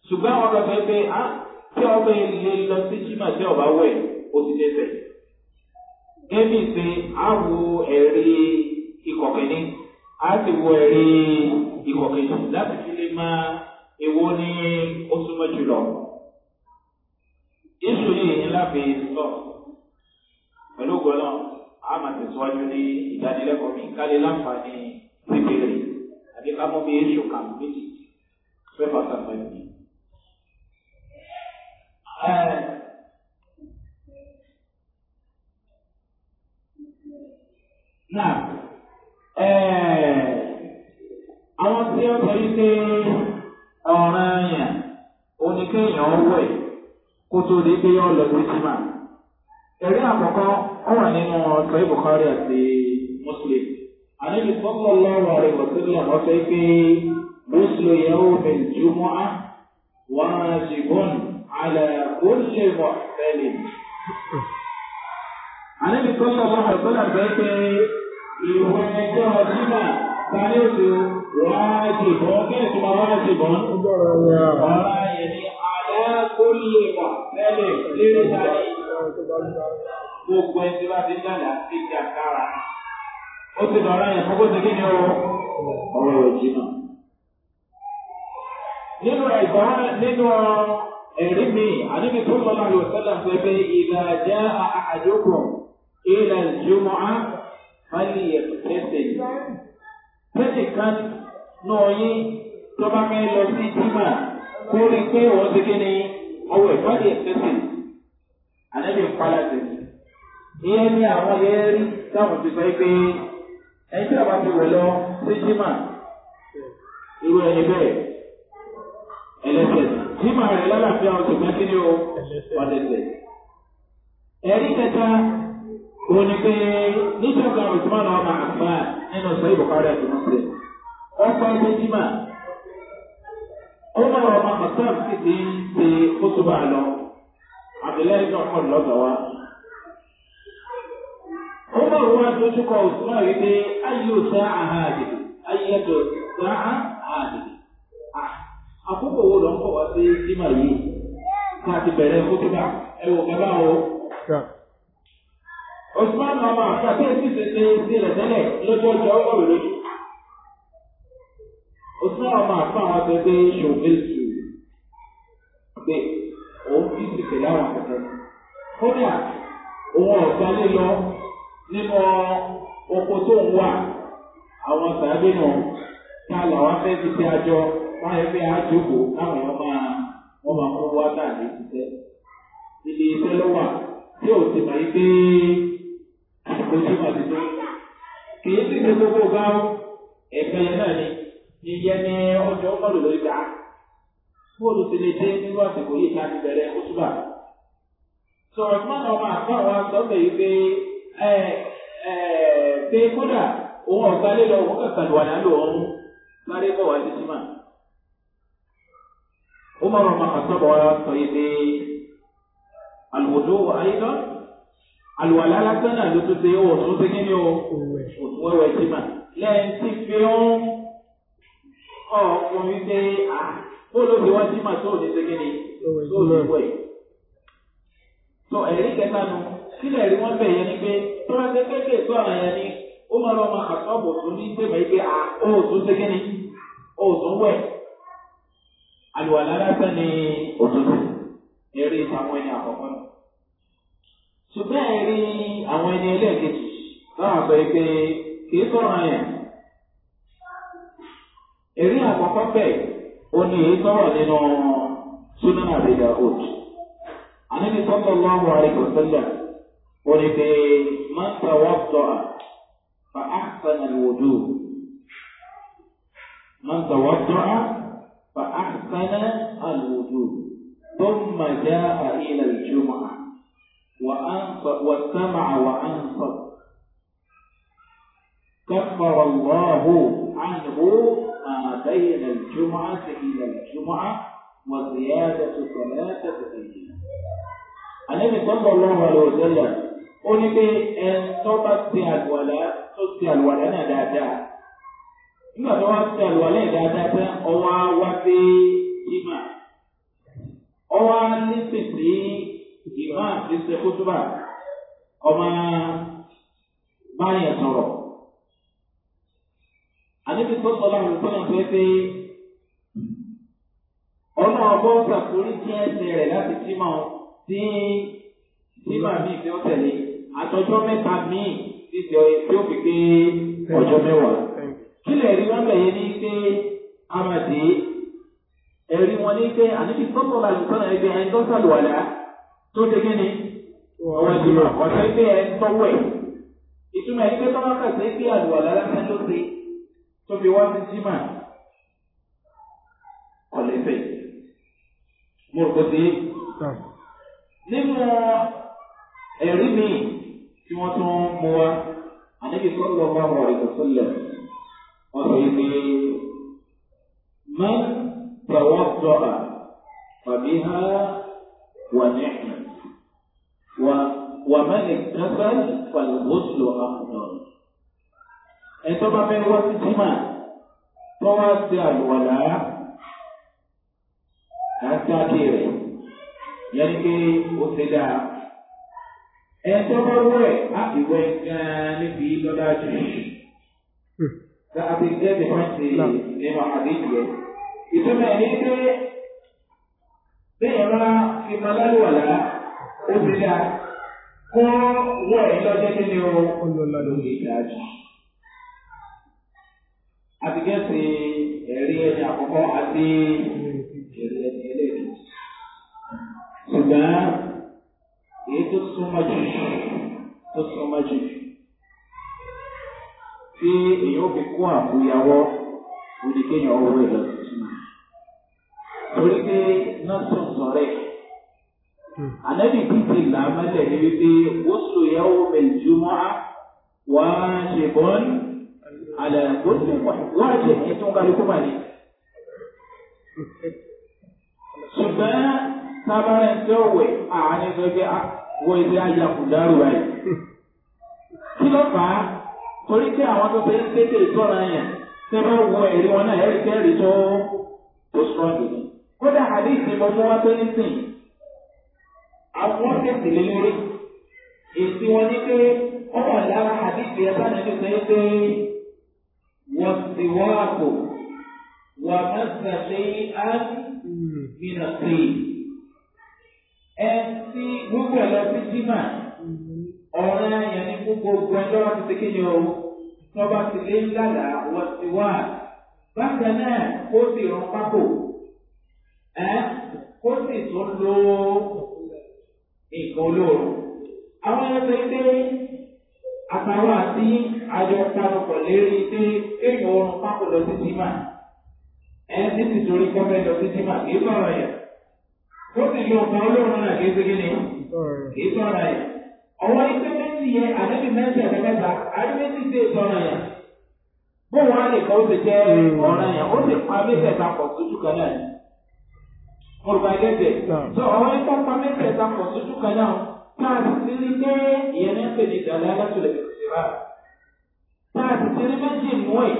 S1: ṣùgbọ́n àwọn kan sọ pé á ah, tí ọba ilé lọ sí jímà tí ọba wẹ̀ ó ti dẹ́sẹ̀. gẹ́bí ṣe àwo ẹ̀rí ìkọ̀kẹ́ni a ti wọ ẹ̀rí ìkọ̀kẹ́ni láti fi lè máa ewo ní oṣù mẹ́jùlọ. Yéṣu yìí ní láfi sọ pẹ̀lú gbọ́nà a máa tẹ̀síwájú ní ìdánilẹ́kọ̀ọ́ mi ká lè láǹfààní síbèrè àbí ká mú bí yéṣu kà méjì fẹ́fà sàgbà yìí. Now, Eh, àwọn tí ó sọ yìí pé ọ̀ràn yẹn oníkéèyàn wẹ̀ kó tó di pé yọ lọ ẹ̀rí àkọ́kọ́ ó wà nínú ọ̀sẹ̀ ìbùkárí àti muslim àníbi sọ́kọ̀ lọ́wọ́ rẹ̀ wọ̀sílẹ̀ ọ̀sẹ̀ pé yẹn ó bẹ̀ á wọ́n á àlẹ́ lè wọ̀ àníbi ìwọ ẹjọ́ jimá sáré òde ráàjì bọ́ kí ni tuma ráàjì bọ́. ọ̀rọ̀ ayẹ̀ ni alẹ́ kó lè wà lẹ́lẹ̀ lérè sáré. gbogbo ẹni tí wàá ti ń dàgbà sí jàkàrà. ó ti ọ̀rọ̀ fálíyẹ̀tẹ̀sẹ̀ tẹ́sẹ̀ kan náà yín tọ́ba fẹ́ lọ sí jimá kó rí pé òun ti kí ni ọwọ́ ẹ̀ fálíyẹ̀tẹ̀sẹ̀ ànábì ń pala tẹ̀. ìyẹn ní àwọn yẹn rí táwọn ti sọ pé ẹni tí a bá ti wẹ̀ lọ sí jimá irú ẹni bẹ́ẹ̀
S2: ẹlẹ́sẹ̀ jimá rẹ̀ lálàáfíà ọ̀sẹ̀ mẹ́kínní o
S1: ọ̀dẹ̀sẹ̀. ẹ̀rí kẹta. òun ni pé níṣẹ́ ọ̀gá usman ọmọ àgbà nínú sọ ìbùkárí àti muslim ọkọ dị jimá ọmọ ọmọ hasan sì ti ń ṣe kótóbá lọ àbílẹ̀ náà kọ́ lọ́dọ̀ wa. ọmọ òun àti ojúkọ usman yìí pé ayé òsá àhàdì ayé ẹ̀dọ̀ òsá àhàdì àkókò wo lọ́kọ̀ wá sí jimá yi ti bere o. Osman Mama àtàkùn sì ti ṣe ti rẹ̀ tẹ́lẹ̀ lọ́jọ́ ìjọ ọ̀rọ̀ lójú. Osman Mama àtàkùn àwọn akẹgbẹ́ ṣòfin tù pé òun kì í sì pè láwọn akẹgbẹ́. Kódà òun ọ̀sán lílọ nínú oko tó ń wà àwọn sàbẹ̀ náà tá a làwọn fẹ́ fi ṣe àjọ báyọ̀ fẹ́ àjòkó káwọn ọmọ wọn máa kó wá tàbí ṣiṣẹ́. Ilé iṣẹ́ ló wà tí ò sì máa ń gbé. lójú àti tó. Kìí sì gbogbo gáwó ni yíyẹ ní ọjọ́ ọ̀pọ̀lọpọ̀ lórí ta. Bóòlù ti lè dé nínú àsìkò yìí láti bẹ̀rẹ̀ ọma Sọ̀rọ̀ tí wọ́n náà máa fọ́ àwọn sọ́ọ̀bẹ̀ yìí pé ẹ ẹ pé lọ ọrụ àlùwàlá lásán náà ló tún ṣe ó tún ṣe kí ni o òtún wẹwẹ sí mà lẹ́yìn tí fi ń ọkùnrin pé à ó ló fi wọ́n sí mà tó ní ṣe kí ni tó ní wẹ̀. tó ẹ̀rí kẹta nu sílẹ̀ rí wọ́n bẹ̀ yẹn ni pé tó bá ṣe kéékèèké tó àwọn yẹn ni ó máa lọ máa àtọ́bọ̀ tó ní sèmọ̀ yìí pé à ó ṣe kí ni ó tún wẹ̀ àlùwàlá lásán ṣùgbọ́n ẹ rí àwọn ẹni ẹlẹ́ẹ̀kejì láwọn àgbẹ̀ pé kìí sọ̀rọ̀ àyàn. èrí àkọ́kọ́ bẹ́ẹ̀ ó ní èyí sọ̀rọ̀ nínú sunan àbẹ̀dà òd. àníbi sọ́tọ̀ lọ́wọ́ àríkò sẹ́lẹ̀ ó ní pé máa ń ta wọ́pọ̀ fa àṣàn àlùwòdù. máa ń ta wọ́pọ̀ fa àṣàn àlùwòdù. ثم جاء إلى الجمعة وأنصت واستمع وأنصت كفر الله عنه ما بين الجمعة إلى الجمعة وزيادة ثلاثة أيام النبي صلى الله عليه وسلم قل لي أن تبقي الولاء تبقي الولاء نادادا nígbà tó wá sí àlùwalẹ̀ dáadáa tẹ́ ọwọ́ wá ìmáà ti ṣe kótóbà ọmọ báyà sọ̀rọ̀. Àníbi tó sọ láàrin sọ́nà pé pé ọ̀nà ọgbọ́n ṣàkórí kí ẹsẹ̀ rẹ̀ láti símọ̀ sí símọ̀ míì tí ó tẹ̀lé àtọ́jọ́ mẹ́ta míì ti tẹ̀ tí ó fi pé ọjọ́ mẹ́wàá. Kílẹ̀ rí wọ́n bẹ̀yẹ ní pé Amadi ẹ̀rí wọn ní pé àníbi tó sọ láàrin sọ́nà ẹgbẹ́ ẹ̀ńdọ́sàlùwàlá tó ṣe kí ni ọ̀rọ̀ ìgbìmọ̀ ọ̀sẹ̀ pé ẹ tọ́wọ́ ẹ̀ ìtumọ̀ ẹ̀ pé tọ́wọ́ kàṣẹ́ pé àlùwàlá lásán ló ṣe tó fi wá sí jimá ọ̀lẹ́fẹ̀ mo rò kó ti nínú ẹ̀rí mi tí wọ́n tún mú wa àníbi tó lọ bá wọ̀ ìtọ́sílẹ̀ wọ́n sọ yìí pé mọ́ tọwọ́ tọ́ a fàbí ha wà ní ẹ̀yìn. ومن اغتسل فالغسل أفضل ẹ̀tọ́ bá fẹ́ wá sí jimá tó wá sí àlùwàlá láti àti rẹ̀ yẹn pé ó ti dá ẹ̀tọ́ bá wẹ̀ àtiwẹ̀ gan-an níbi lọ́dá jù láti hmm. jẹ́ ìfọ̀nsì nínú àdéhùn ìtumọ̀ ẹ̀ ní pé bẹ́ẹ̀ rárá fi máa lálùwàlá. ó ti dá kó wọ́n ẹ̀ lọ́jọ́ kí ni ó lọ́lọ́ lè dájú. àbíkẹ́sì ẹ̀rí ẹni àkọ́kọ́ àti ẹ̀rí ẹni ẹlẹ́ẹ̀kejì. ṣùgbọ́n èyí tó súnmọ́ jù tó súnmọ́ jù tí èyí ó fi kó àbúyáwọ́ oníkéèyàn ọwọ́ ẹ̀ i. torí ànábì kì í ti là á mẹ́lẹ̀ ní wípé wosùn yẹ́wò mẹ́jùmọ́ á wá ṣe bọ́n àlẹ́ wosùn wá ṣe ẹ̀tún kálukú mà ní. ṣùgbọ́n sábàrẹ̀ ń tẹ́ òwe àárín gbẹgbẹ́ wọ ilé ayé àkùdárò rẹ̀. kí ló fà á torí pé àwọn tó fẹ́ kéde ìtọ́ra yẹn tẹ́ wọ ẹ̀rí wọn náà ẹ̀rí kẹ́rì tó tó sọ̀rọ̀ kódà àdéhìí ni mo mú tó ní sìn àwọn tí wọ́n tẹ̀sí lé lórí èsì wọn ní pé ọmọ ìlara àdìsí ẹ̀ bá nàbí sọ pé wọ́n ti wọ́n àpò wọ́n á gbàgbé á gbìnà pé ẹ ti gbogbo ẹ̀ lọ sí jimá ọ̀rẹ́ yẹn ní gbogbo ẹ̀ ti ti kéde o tọ́ba ti lé ńlá wọ́n ti wá bákan náà kó sì rán pákó ẹ kó sì tún lo. nǹkan olóró. Àwọn ẹranko yìí àtàwọn àti àjọ panupọ̀ lérí pé kéèyàn oorun pápọ̀ lọ sí símà. Ẹni ti torí kọ́fẹ́ lọ sí símà kì í sọ̀rọ̀ yẹn. Ó sì lo nǹkan olóró náà kì í ṣe kíni? Kì í sọ̀rọ̀ yẹn. Ọ̀wọ́ iṣẹ́ méjì yẹn àdébì mẹ́sì àtẹ́mẹ́ta àdébì ti sọ̀rọ̀ yẹn. Bóun á lè kọ́ ó ti jẹ́ yẹn ó sì olùbàdẹ́dẹ̀. tó ọ̀rọ̀ yìí kápá mẹ́tẹ̀ẹ̀ta pọ̀ sójú kan náà táàtì ti rí pé ìyẹn ní pè ní ìdàlẹ́ alásùlẹ̀ ìṣèlá. táàtì ti rí méjì mú ẹ̀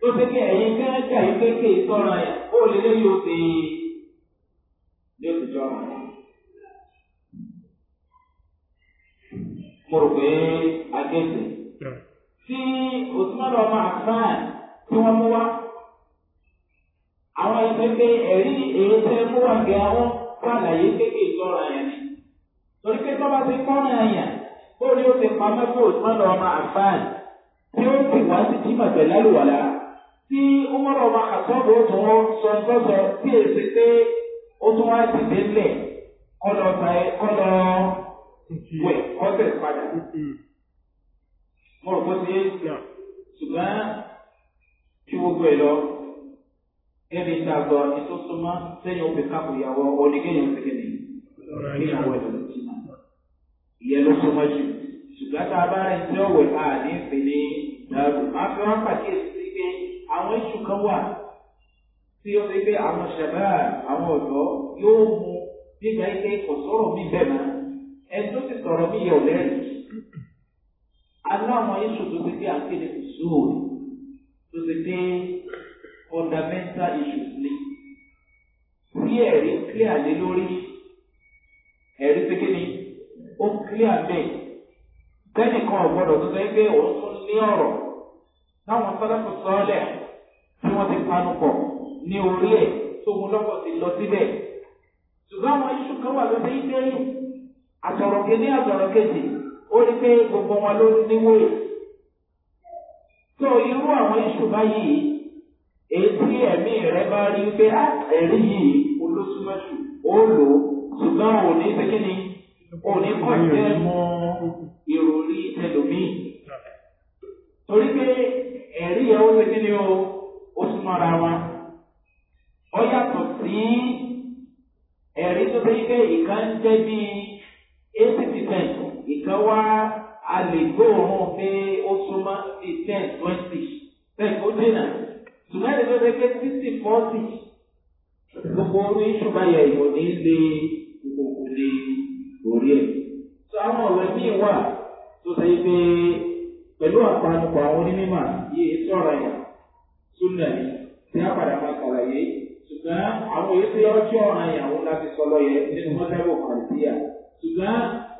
S1: tó fi kí ẹ̀yin kẹ́rẹ́kẹ́ yìí kéèké ìtọ́ra ẹ̀ ó lè lé yóò fi yóò fi jọ ọ̀rọ̀. mo rò pé agẹ́sẹ̀. tí òtún ọ̀dọ̀ ọmọ àfáà tí wọ́n mú wá àwọn ẹgbẹ́ pé ẹ̀rí èrò tẹ́ mú wà gẹ àwọn fàlàyé kéèké ìtọ́ra yẹn ni. torí pé tọ́ba ti kọ́nà àyàn bó ni ó ti pamọ́ fún òtún ọmọ àfáàn tí ó ti wá sí jí màgbẹ́ lálùwàlá tí ọmọdé ọmọ àtọ́bù ó tún sọ sọ́sọ tí èsì pé ó tún wá ti dé lẹ̀ kọ́lọ́ kọ́lọ́ wẹ̀ kọ́sẹ̀ padà. mo rò bó ti ṣùgbọ́n ju gbogbo ẹ̀ lọ níbi tí a gbọ́ ètò súnmọ́ sẹ́yìn òfin kápò ìyàwó oníkéyìn òfin ni kéèyàn wọ ìlú jìnnà ìyẹn ló súnmọ́ jù ṣùgbọ́n tá a bá rẹ̀ tí ọ̀wẹ̀ a ní fi ní dàrú máa fi wọ́n pàkíyèsí sí pé àwọn iṣu kan wà tí ó fi pé àwọn ṣẹ̀bá àwọn ọ̀dọ́ yóò mú nígbà ike kò sọ̀rọ̀ mi bẹ́ẹ̀ mọ́ ẹni tó ti sọ̀rọ̀ mi yẹ ọ̀lẹ́rìí aláwọn iṣu tó ti pé àkéde kò tó ti fundamental issues ni ẹ̀rí clear lé lórí ẹ̀rí pé kí ni ó clear bẹ́ẹ̀ kan ọ̀gbọ́dọ̀ tó sọ pé òun tún ní ọ̀rọ̀ táwọn sọ́dọ̀tò sọ́ọ́lẹ̀ tí wọ́n ti panu pọ̀ ní orí ẹ̀ tó mú lọ́pọ̀ lọ síbẹ̀ ṣùgbọ́n àwọn iṣu kan wà àtọ̀rọ̀kẹ́ tí ẹ̀mí rẹ bá rí pé ẹ̀rí yìí olóṣùmọ̀ṣù ó lò ó ṣùgbọ́n ò ní ṣe kí ni ò ní kọ́ ìjẹ́ ìròrí ẹlòmíì. torí pé ẹ̀rí yẹn ó ṣe kí ni o ó súnmọ́ra wa. ó yàtọ̀ sí ẹ̀rí tó ṣe pé ìkan jẹ́ bíi eighty percent ìkan wá a lè gbóòórùn pé ó súnmọ́ ṣùgbọ́n ẹ̀rọ rẹ̀ pé títí fọ́ọ̀tì gbogbo orí ṣùgbọ́n ìwò ní lè gbogbo lè orí ẹ̀. sọ àwọn ọ̀rẹ́ míì wà tó ṣe pé pẹ̀lú àpanupọ̀ àwọn onímọ̀ yìí sọ̀rọ̀ yà súnà ni tí a padà máa kàlàyé ṣùgbọ́n àwọn èyí tí ọjọ́ ọ̀ràn yà wọn láti sọ lọ yẹ nínú mọ́tẹ́bù kàlùsíà ṣùgbọ́n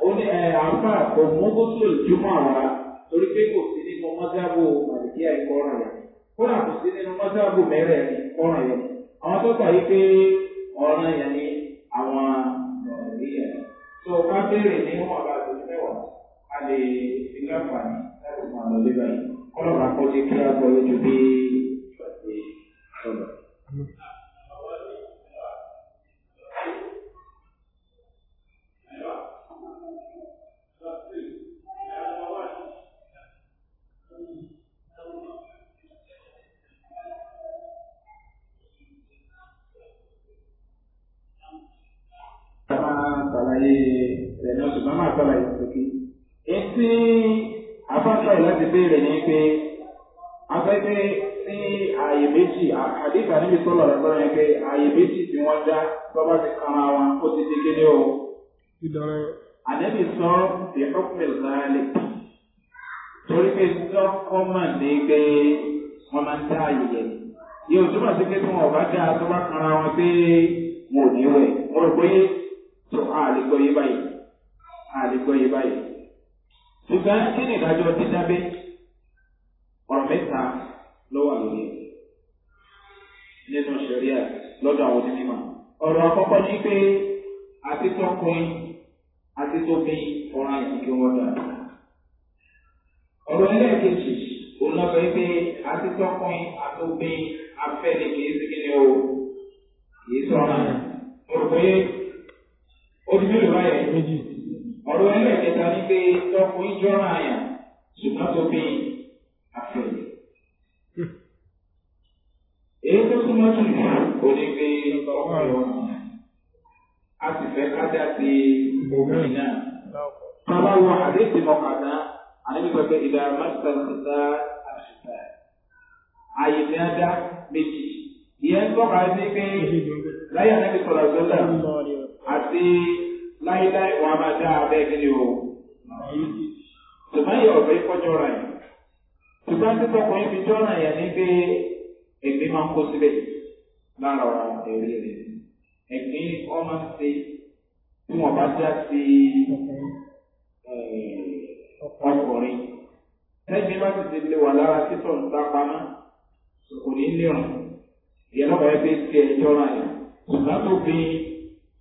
S1: oní ẹ̀ àfà kò mú gbósùlù jùmọ̀ wá torí pé kò sí nínú mọ́tẹ́bù kàlùsíà ẹ̀kọ́ ọ̀ràn yà kódà kò sí nínú mọ́sáàbù mẹ́rẹ̀ẹ̀rin ọ̀ràn yẹn àwọn tó gbà yí pé ọ̀ràn yẹn ni àwọn ẹ̀rí ẹ̀ tó o bá béèrè ní wọn bá tó mẹ́wàá a lè fi láǹfààní láti mọ àlọ́ lé báyìí kọ́lọ́ọ̀rọ̀ akọ́jẹ́ kí á gbọ́ lójú bí ìgbà tí àlàyé rẹ̀ náà ṣùgbọ́n máa ṣàlàyé òkè. Etí afáṣọ láti béèrè ni pé afẹ́fẹ́ sí ààyè méjì àdìgbà níbi sọ́lọ̀ rẹ̀ yẹn pé ààyè méjì tí wọ́n dá tọ́ba ti kanra wọn ó ti dégé ní o. Àdẹ́bí sọ ìfọ́pẹ̀lú láàlẹ̀ torí pé sọ́kọ́ mà ní pé wọ́n máa ń dá ààyè yẹn. Yóò túbọ̀ sí pé tí wọ́n bá dá tọ́ba kanra wọn pé wọn ò ní wẹ̀. Mo rò pé tó àlégbọ́ yé báyìí àlégbọ́ yé báyìí. ṣùgbọ́n kí ni ìdájọ́ ti dábẹ́ ọ̀rọ̀ mẹ́ta ló wà lórí nínú sẹ̀ríà lọ́dọ̀ àwọn onímọ̀. ọ̀rọ̀ àkọ́kọ́ ni pé àti tọkùnrin àti tóbin ọ̀rọ̀ àìsíkí wọn dà. ọ̀rọ̀ ẹlẹ́ẹ̀kejì òun náà fẹ́ pé àti tọkùnrin àtóbin afẹ́ ni kì í sí kí ni o kì í sọ̀rọ̀ àná. mo pé odúlé ìwà yẹn méjì. ọ̀rọ̀ ẹlẹ́ẹ̀kẹta ni pé tọkùnrin jọ́ra àyà ṣùgbọ́n tó bí àfẹ́lẹ́. èyí tó súnmọ́ jù ò ní pé ọkùnrin wọn a sì fẹ́ kájà sí obìnrin náà. bàbá wa àdéhùn ọ̀kadà àníbíkọ̀kẹ́ ìdá mẹ́ta ṣẹta àṣìṣe. àyè ní adá méjì. ìyẹn tọ́ka sí pé láyé àdébíkọ̀rọ̀ àgbẹ̀lẹ̀ àti láíláí wàá máa dá abẹ́ kí ni o. ṣùgbọ́n ìyá ọ̀fẹ́ kọjọ́ ra yìí. ṣùgbọ́n títọ́ kan ibi jọ́ra yẹn ní pé èmi máa ń kó síbẹ̀ lára ẹ̀rí rẹ̀. ẹ̀gbìn ọmọ ń ṣe tí wọ́n bá já sí ọkùnrin. lẹ́gbẹ̀ẹ́ bá ti ti lè wà lára títọ̀ ń sá pamọ́ kò ní lè rùn. ìyẹn lọ́kọ̀ọ́ ẹgbẹ́ tiẹ̀ jọ́ra yẹn. ṣùgbọ́n tó fi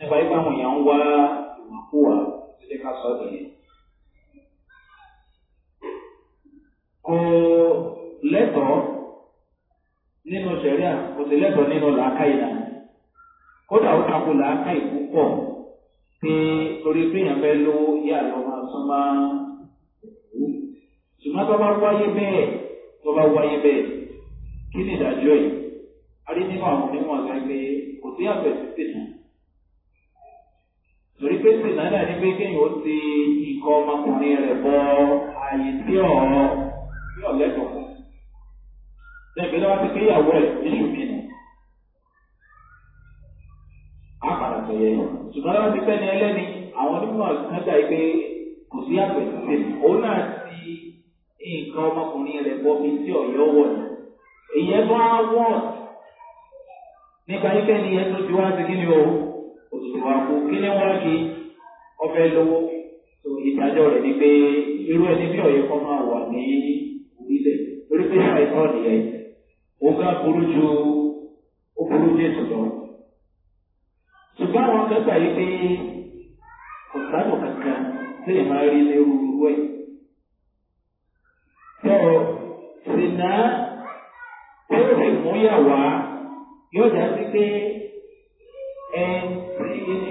S1: nípa yípa àwọn èèyàn ń wá ìwàkúwà tó jẹ́ ká sọ ọ́ nìyẹn. kò lẹ́tọ̀ọ́ nínú sẹ̀ríà kò sì lẹ́tọ̀ọ́ nínú làákàyè náà kódà ó takò làákàyè púpọ̀ pé torí pé èèyàn fẹ́ lówó yá lọ́ máa sán máa ṣùgbọ́n tó bá wáyé bẹ́ẹ̀ tó bá wáyé bẹ́ẹ̀ kí ni ìdájọ́ yìí a rí nínú àwọn onímọ̀ ọ̀sán pé kò sí àfẹ́sí tètè pé sì náà náà ní pé kéèyàn ó ti ikọ̀ ọmọkùnrin rẹ̀ bọ ààyè tí ọ̀rọ̀ tí ọ̀lẹ́dùn fún. Ṣèpè náà wá ti pé ìyàwó ẹ̀ níṣù kìnnì. Á padà sọ yẹ yọ. Ṣùgbọ́n láwọn ti fẹ́ni ẹlẹ́ni àwọn onímọ̀ kẹta yìí pé kò sí àpẹ̀ sílẹ̀. Òun náà ti nǹkan ọmọkùnrin rẹ̀ bọ mi tí ọ̀yọ́ wọ̀ ní. Ìyẹn bá wọ̀ nípa ikẹ́ni ẹ̀ tó ti wá sí kí ni ìwàkú kí ni ọbẹ̀ lówó tó ìdájọ́ rẹ̀ ni pé irú ẹni bí ọ̀yẹ́ máa wà ní orílẹ̀ torí pé ṣàìsàn nìyẹn òun ká burú ju ó burú ju èso ṣùgbọ́n àwọn akẹ́kọ̀ọ́ yìí pé kò kankan lè máa rí irú ẹ̀. tó wá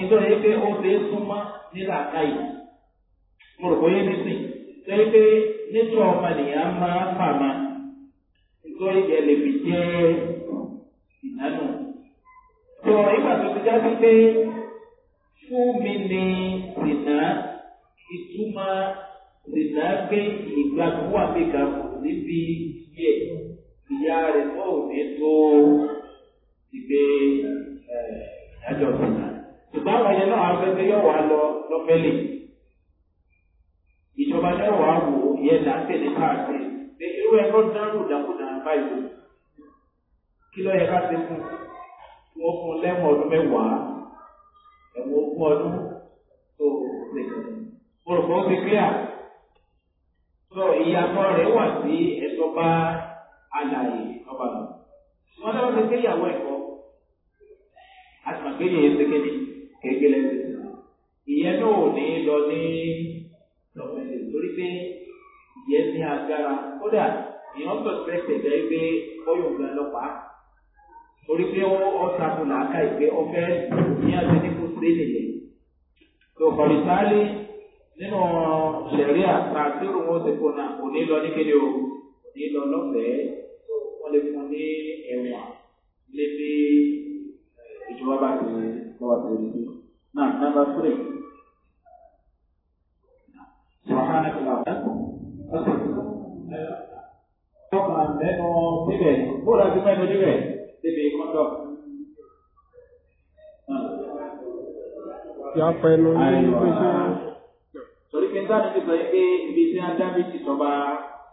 S1: ìtọ́ yẹ pé ó ṣe é súnmọ́ nílà káyì mo rò bóyá ní sìn tó yẹ pé nítorí ọmọ nìyẹn máa fà máa ìtọ́ yẹ lè fi jẹ́ ìnáná. tó ìgbà tó ti jáde pé fún mi ní ìná ìtumọ̀ ìná pé ìgbà tó wà mí kà kù níbi yẹ ìyá rẹ̀ tó ò ní tó ti gbé ẹ̀ẹ́dájọ́ ìná ṣùgbọ́n àwọn ẹyẹ náà afẹ́fẹ́ yóò wá lọ lọ́fẹ́lẹ̀ ìjọba náà wà wò yẹn dàtẹ́ ní káàkiri pé irú ẹ lọ dárò dàkúdà báyìí kí lọ́ọ́ yẹ ká ti fún wọn fún lẹ́wọ̀n ọdún mẹ́wàá ẹ̀wọ̀n ogún ọdún tó lè mo rò pé ó ti clear sọ ìyàtọ̀ rẹ̀ wà sí ẹ̀tọ́ bá alàyè ọba lọ. wọ́n dáwọ́ ti gbéyàwó ẹ̀kọ́ àti màgbéyè ẹ̀ṣẹ̀kẹ́ni kékeré ti sàn ìyẹn náà ò ní lọ ní lọ́fẹ̀ẹ́sì torí pé ìyẹn ní agbára kódà ìyẹn ọ̀sọ̀ tẹ̀sẹ̀ jẹ́ pé ọyọ̀ gan lọ́pàá torí pé ọ̀sàkùn làákà ìgbé ọ̀fẹ́ ní àti nípò sílé nìyẹn tó kọ̀lìtàlì nínú sẹ̀ríà ta tíru wọn ti kùnà kò ní lọ ní kéde o kò ní lọ lọ́fẹ̀ẹ́ wọ́n lè fún ní ẹ̀wọ̀n lébi ìjọba bá what they do. Now, number three. سبحانك اللهم وبحمدك ọkàn lẹ́nu síbẹ̀ bóra ti mẹ́nu níbẹ̀ síbi kọ́ńdọ̀. Ìyá pẹ̀lú ní ìgbésẹ̀. Torí pé táwọn ti sọ yìí pé ibi tí wọ́n dábì ti sọba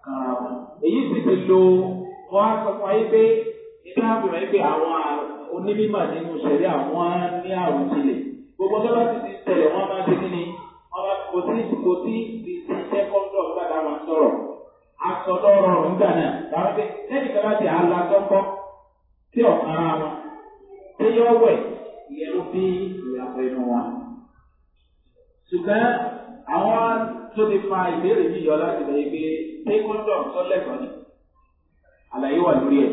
S1: kan ara Èyí sì ti lo wọ́n sọ fún ayé pé iná àbùrọ̀ yìí pé àwọn àrùn onímọ̀ nínú sẹ̀rí àwọn ní àrùn tilẹ̀ gbogbo tó bá ti ti tẹ̀lé wọn máa ń ṣe kí ni kò sí kò sí ti ti tẹ́ kọ́ńtọ̀ nígbà táwọn ń sọ̀rọ̀ asọ̀tọ̀ rọrùn nígbà náà báwọn pé lẹ́yìn kan láti àlá tọ́kọ́ tí ọ̀kan ara wọn tí yọ wẹ̀ ìyẹn ló fi ìyàpọ̀ inú wọn. ṣùgbọ́n àwọn tó ti fa ìbéèrè yìí yọ láti lọ yìí pé pé kọ́ńtọ̀ sọ́lẹ̀ kan ni àlàyé wà lórí ẹ̀.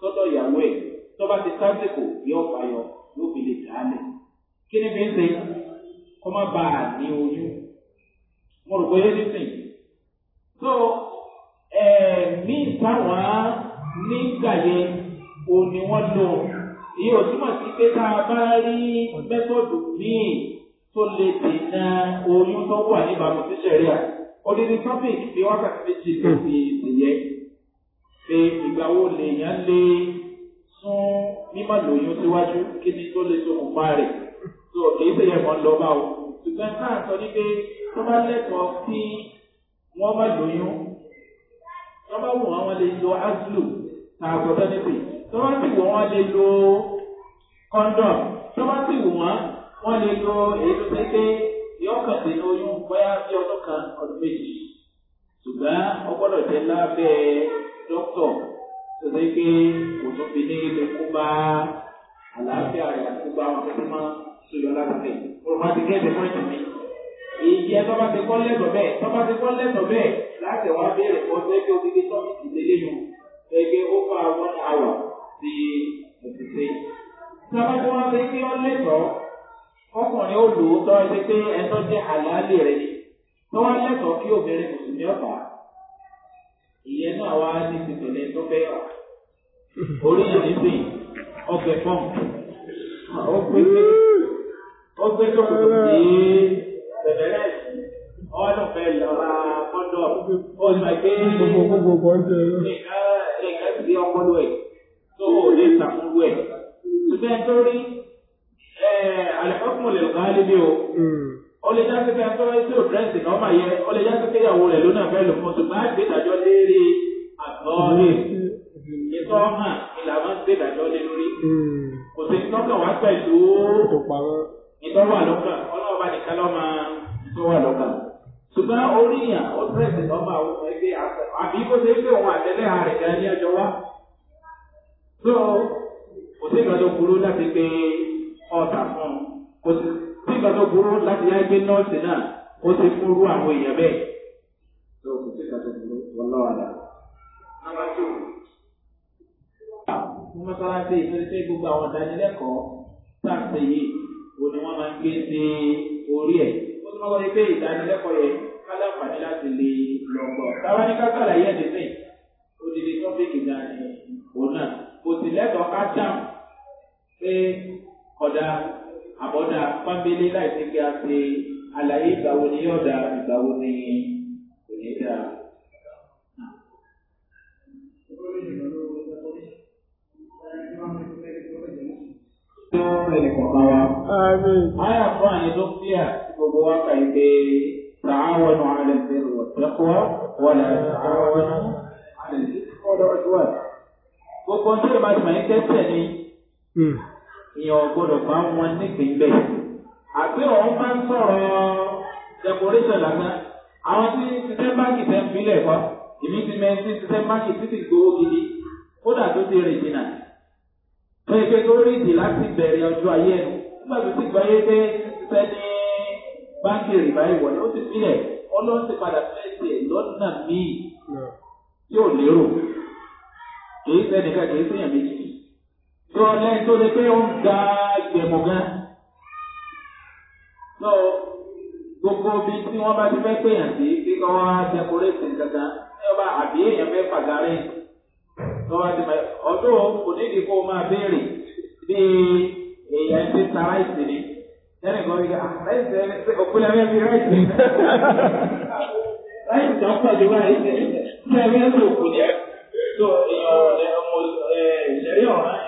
S1: sọ́dọ̀ ìyàwó ẹ̀ tó bá ti sásìkò yóò fàyọ yóò fi lè dàálẹ̀. kí ni fi ń ṣe kó má bàa ní oyún mo rò pé ní sìn. so ẹ̀ẹ̀mí táwọn nígbà yẹn ò ní wọ́n lò èyí ò túmọ̀ sí pé tá a bá rí mẹ́tọ́dù míì tó lè dènà oyún tó wà níbàámu sí sẹ̀ríà. odidi topic bí wákàtí méjì ló fi ṣèyẹ pé ìgbà wo lèèyàn lè sún mímọ lòyún síwájú kí ni tó lè sokùnfà rẹ̀ tó èyí tó yẹ mọ́ ń lọ bá o ṣùgbọ́n ká sọ ní pé tó bá lẹ́tọ̀ọ́ kí wọ́n má lòyún tó bá wù wọ́n lè lo azlu tààbọ̀ tẹ́lifí tó bá sì wù wọ́n lè lo kọ́ńdọ̀m tó bá sì wù wọ́n wọ́n lè lo èyí tó ṣe pé yọ̀ọ́kàndínlóyún bóyá bí ọdún kan ọdún méjì ṣùgbọ́n ọgbọ́dọ̀ jẹ́ lábẹ́ dókítọ̀ tó ṣe pé kò tún fi ní ilé kó bá àlàáfíà rẹ̀ àti gbogbo àwọn tó tún máa tó yọ lára rẹ̀. Olùkọ́ ti gẹ́gẹ́ fún ìtàn mi. Èyí ẹ tọ́ba ti kọ́ lẹ́tọ̀ bẹ́ẹ̀ tọ́ba ti kọ́ lẹ́tọ̀ bẹ́ẹ̀ láti wá béèrè fún ọjọ́ ẹgbẹ́ odidi tọ́mìtì lélẹ́yìn ẹgbẹ́ ó fa one hour ti òṣìṣẹ́. Sábà tí wọ́n ti kí ọ lẹ́tọ̀ọ́ ọkùnrin ó lò ó tọ́ ẹ pé ẹtọ́ jẹ́ àlàálẹ̀ rẹ̀ ni. Tọ́wọ́ lẹ́tọ̀ọ́ kí obìnrin mùsùlùmí ọ̀tá ìyẹn náà wá ní ti tẹ̀lé tó fẹ́ wà orí yẹn níbí ọbẹ̀ fọ́ọ̀mù ah, ó gbé tó kù ní bẹ̀rẹ̀ ọ̀nà fẹ́ lọ́ra kọ́ńdọ̀ ó ní ma gbé gbogbo nǹkan sí ọpọlọ ẹ̀ tó o lè sàkúrú ẹ̀ ṣùgbọ́n torí àlẹ́kọ́kùnrin lè gbá lébi o. Hmm ó lè jáde pé afẹ́rẹ́ tí ò dírẹ́sì náà máa yẹ ó lè jáde pé ìyàwó rẹ̀ ló náà fẹ́ lò fún ṣùgbọ́n àgbé ìdájọ́ léèrè àtọ́lé ìtọ́ hàn ìlànà gbé ìdájọ́ lé lórí kò sí tọ́kàn wá pẹ̀lú ìtọ́wà lọ́kàn ọlọ́ọ̀bá nìkan lọ́ máa ìtọ́wà lọ́kàn ṣùgbọ́n orí yàn ó dírẹ́sì náà máa wọ ẹgbẹ́ àbí kó ṣe pé òun àtẹ́lẹ́ ààrẹ gan ní ọjọ́ wá tó kò sí ìgbàdo kúrú láti pé ọ̀tà bí ìgbà tó burú láti yá gbé nọ́ọ̀sì náà ó ti fún rú àwọn èèyàn bẹ́ẹ̀. tó kò sí ìgbà tó burú wọn náà wà dáa. fún mọ́sálásí ìfẹ́sẹ́ gbogbo àwọn ìdánilẹ́kọ̀ọ́ sáàpẹ̀ yìí wo ni wọ́n máa ń gbé sí orí ẹ̀. ó tún mọ́kànlá pé ìdánilẹ́kọ̀ọ́ yẹn kálàǹfààní láti lè lọ́gbọ̀. táwa ní kákàlà yẹn ti sìn odidi tọ́pìkì náà ni òun náà kò sì lẹ́tọ̀ọ́ ká dáhùn pé ọ̀dà ọ̀nà pọ́nbélé láìsí kí a ṣe àlàyé ìgbàwo ni yóò dáa ìgbàwo ni kò ní dáa. tó ẹnì kọ̀ọ̀kan wa. Ayà fún àyè tó kíyà gbogbo wa kà yìí pé tààwọnù àlẹ́ ìbẹ̀rù ọ̀tẹ́kọ̀ọ́ wọlé tààwọnù àlẹ́ ìbẹ̀rù ọ̀tẹ́kọ̀ọ́ gbogbo ọdún tó bá ti mọ̀ ní kẹ́sẹ̀ ni. Hmm ìyàn gbọdọ̀ bá wọn nípìn bẹ́ẹ̀. àbí ọ̀hún máa ń sọ̀rọ̀ decoration lásán àwọn tí ṣiṣẹ́ báńkì tẹ́ ń filẹ̀ kọ́ èmi ti mẹ́ sí ṣiṣẹ́ báńkì títí gbowó gidi kódà tó ti rìn jìnnà. fún ike tó rí ìdí láti bẹ̀rẹ̀ ọjọ́ ayé ẹ̀ nígbà tó ti gbọ́ ayé pé ṣiṣẹ́ ní báńkì rìbá ìwọ̀ ni ó ti filẹ̀ ọlọ́run ti padà fẹ́ẹ̀sì lọ́nà míì tí lérò kì í sẹ́nìkan kì í sẹ́yàn méjì rọlẹ́ tó lè pé ó ń ga ìgbẹ̀mọ̀ gan. lọ gbogbo bí tí wọ́n bá ti fẹ́ pèèyàn sí kí wọ́n wá dẹkọrétì gangan ní ọba àbí èèyàn fẹ́ pàdánù lọ́wọ́ ti máa ọdún kò nídìí kó máa béèrè bí èèyàn ti ta ráìsì ni ah, lẹ́nu kan wípé ráìsì ẹ ọ̀pẹ̀lẹ̀ ẹ fi ráìsì ni ráìsì tó ń pàdé ráìsì ẹ fi ráìsì òkú ni. tó èèyàn ọ̀rẹ́ ọmọ ìṣẹ̀rí ọ̀rẹ́.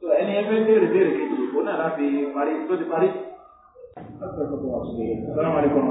S1: tó ẹni ẹgbẹ́ béèrè béèrè kejì òun náà láti parí tó ti parí. Assalamu alaikum.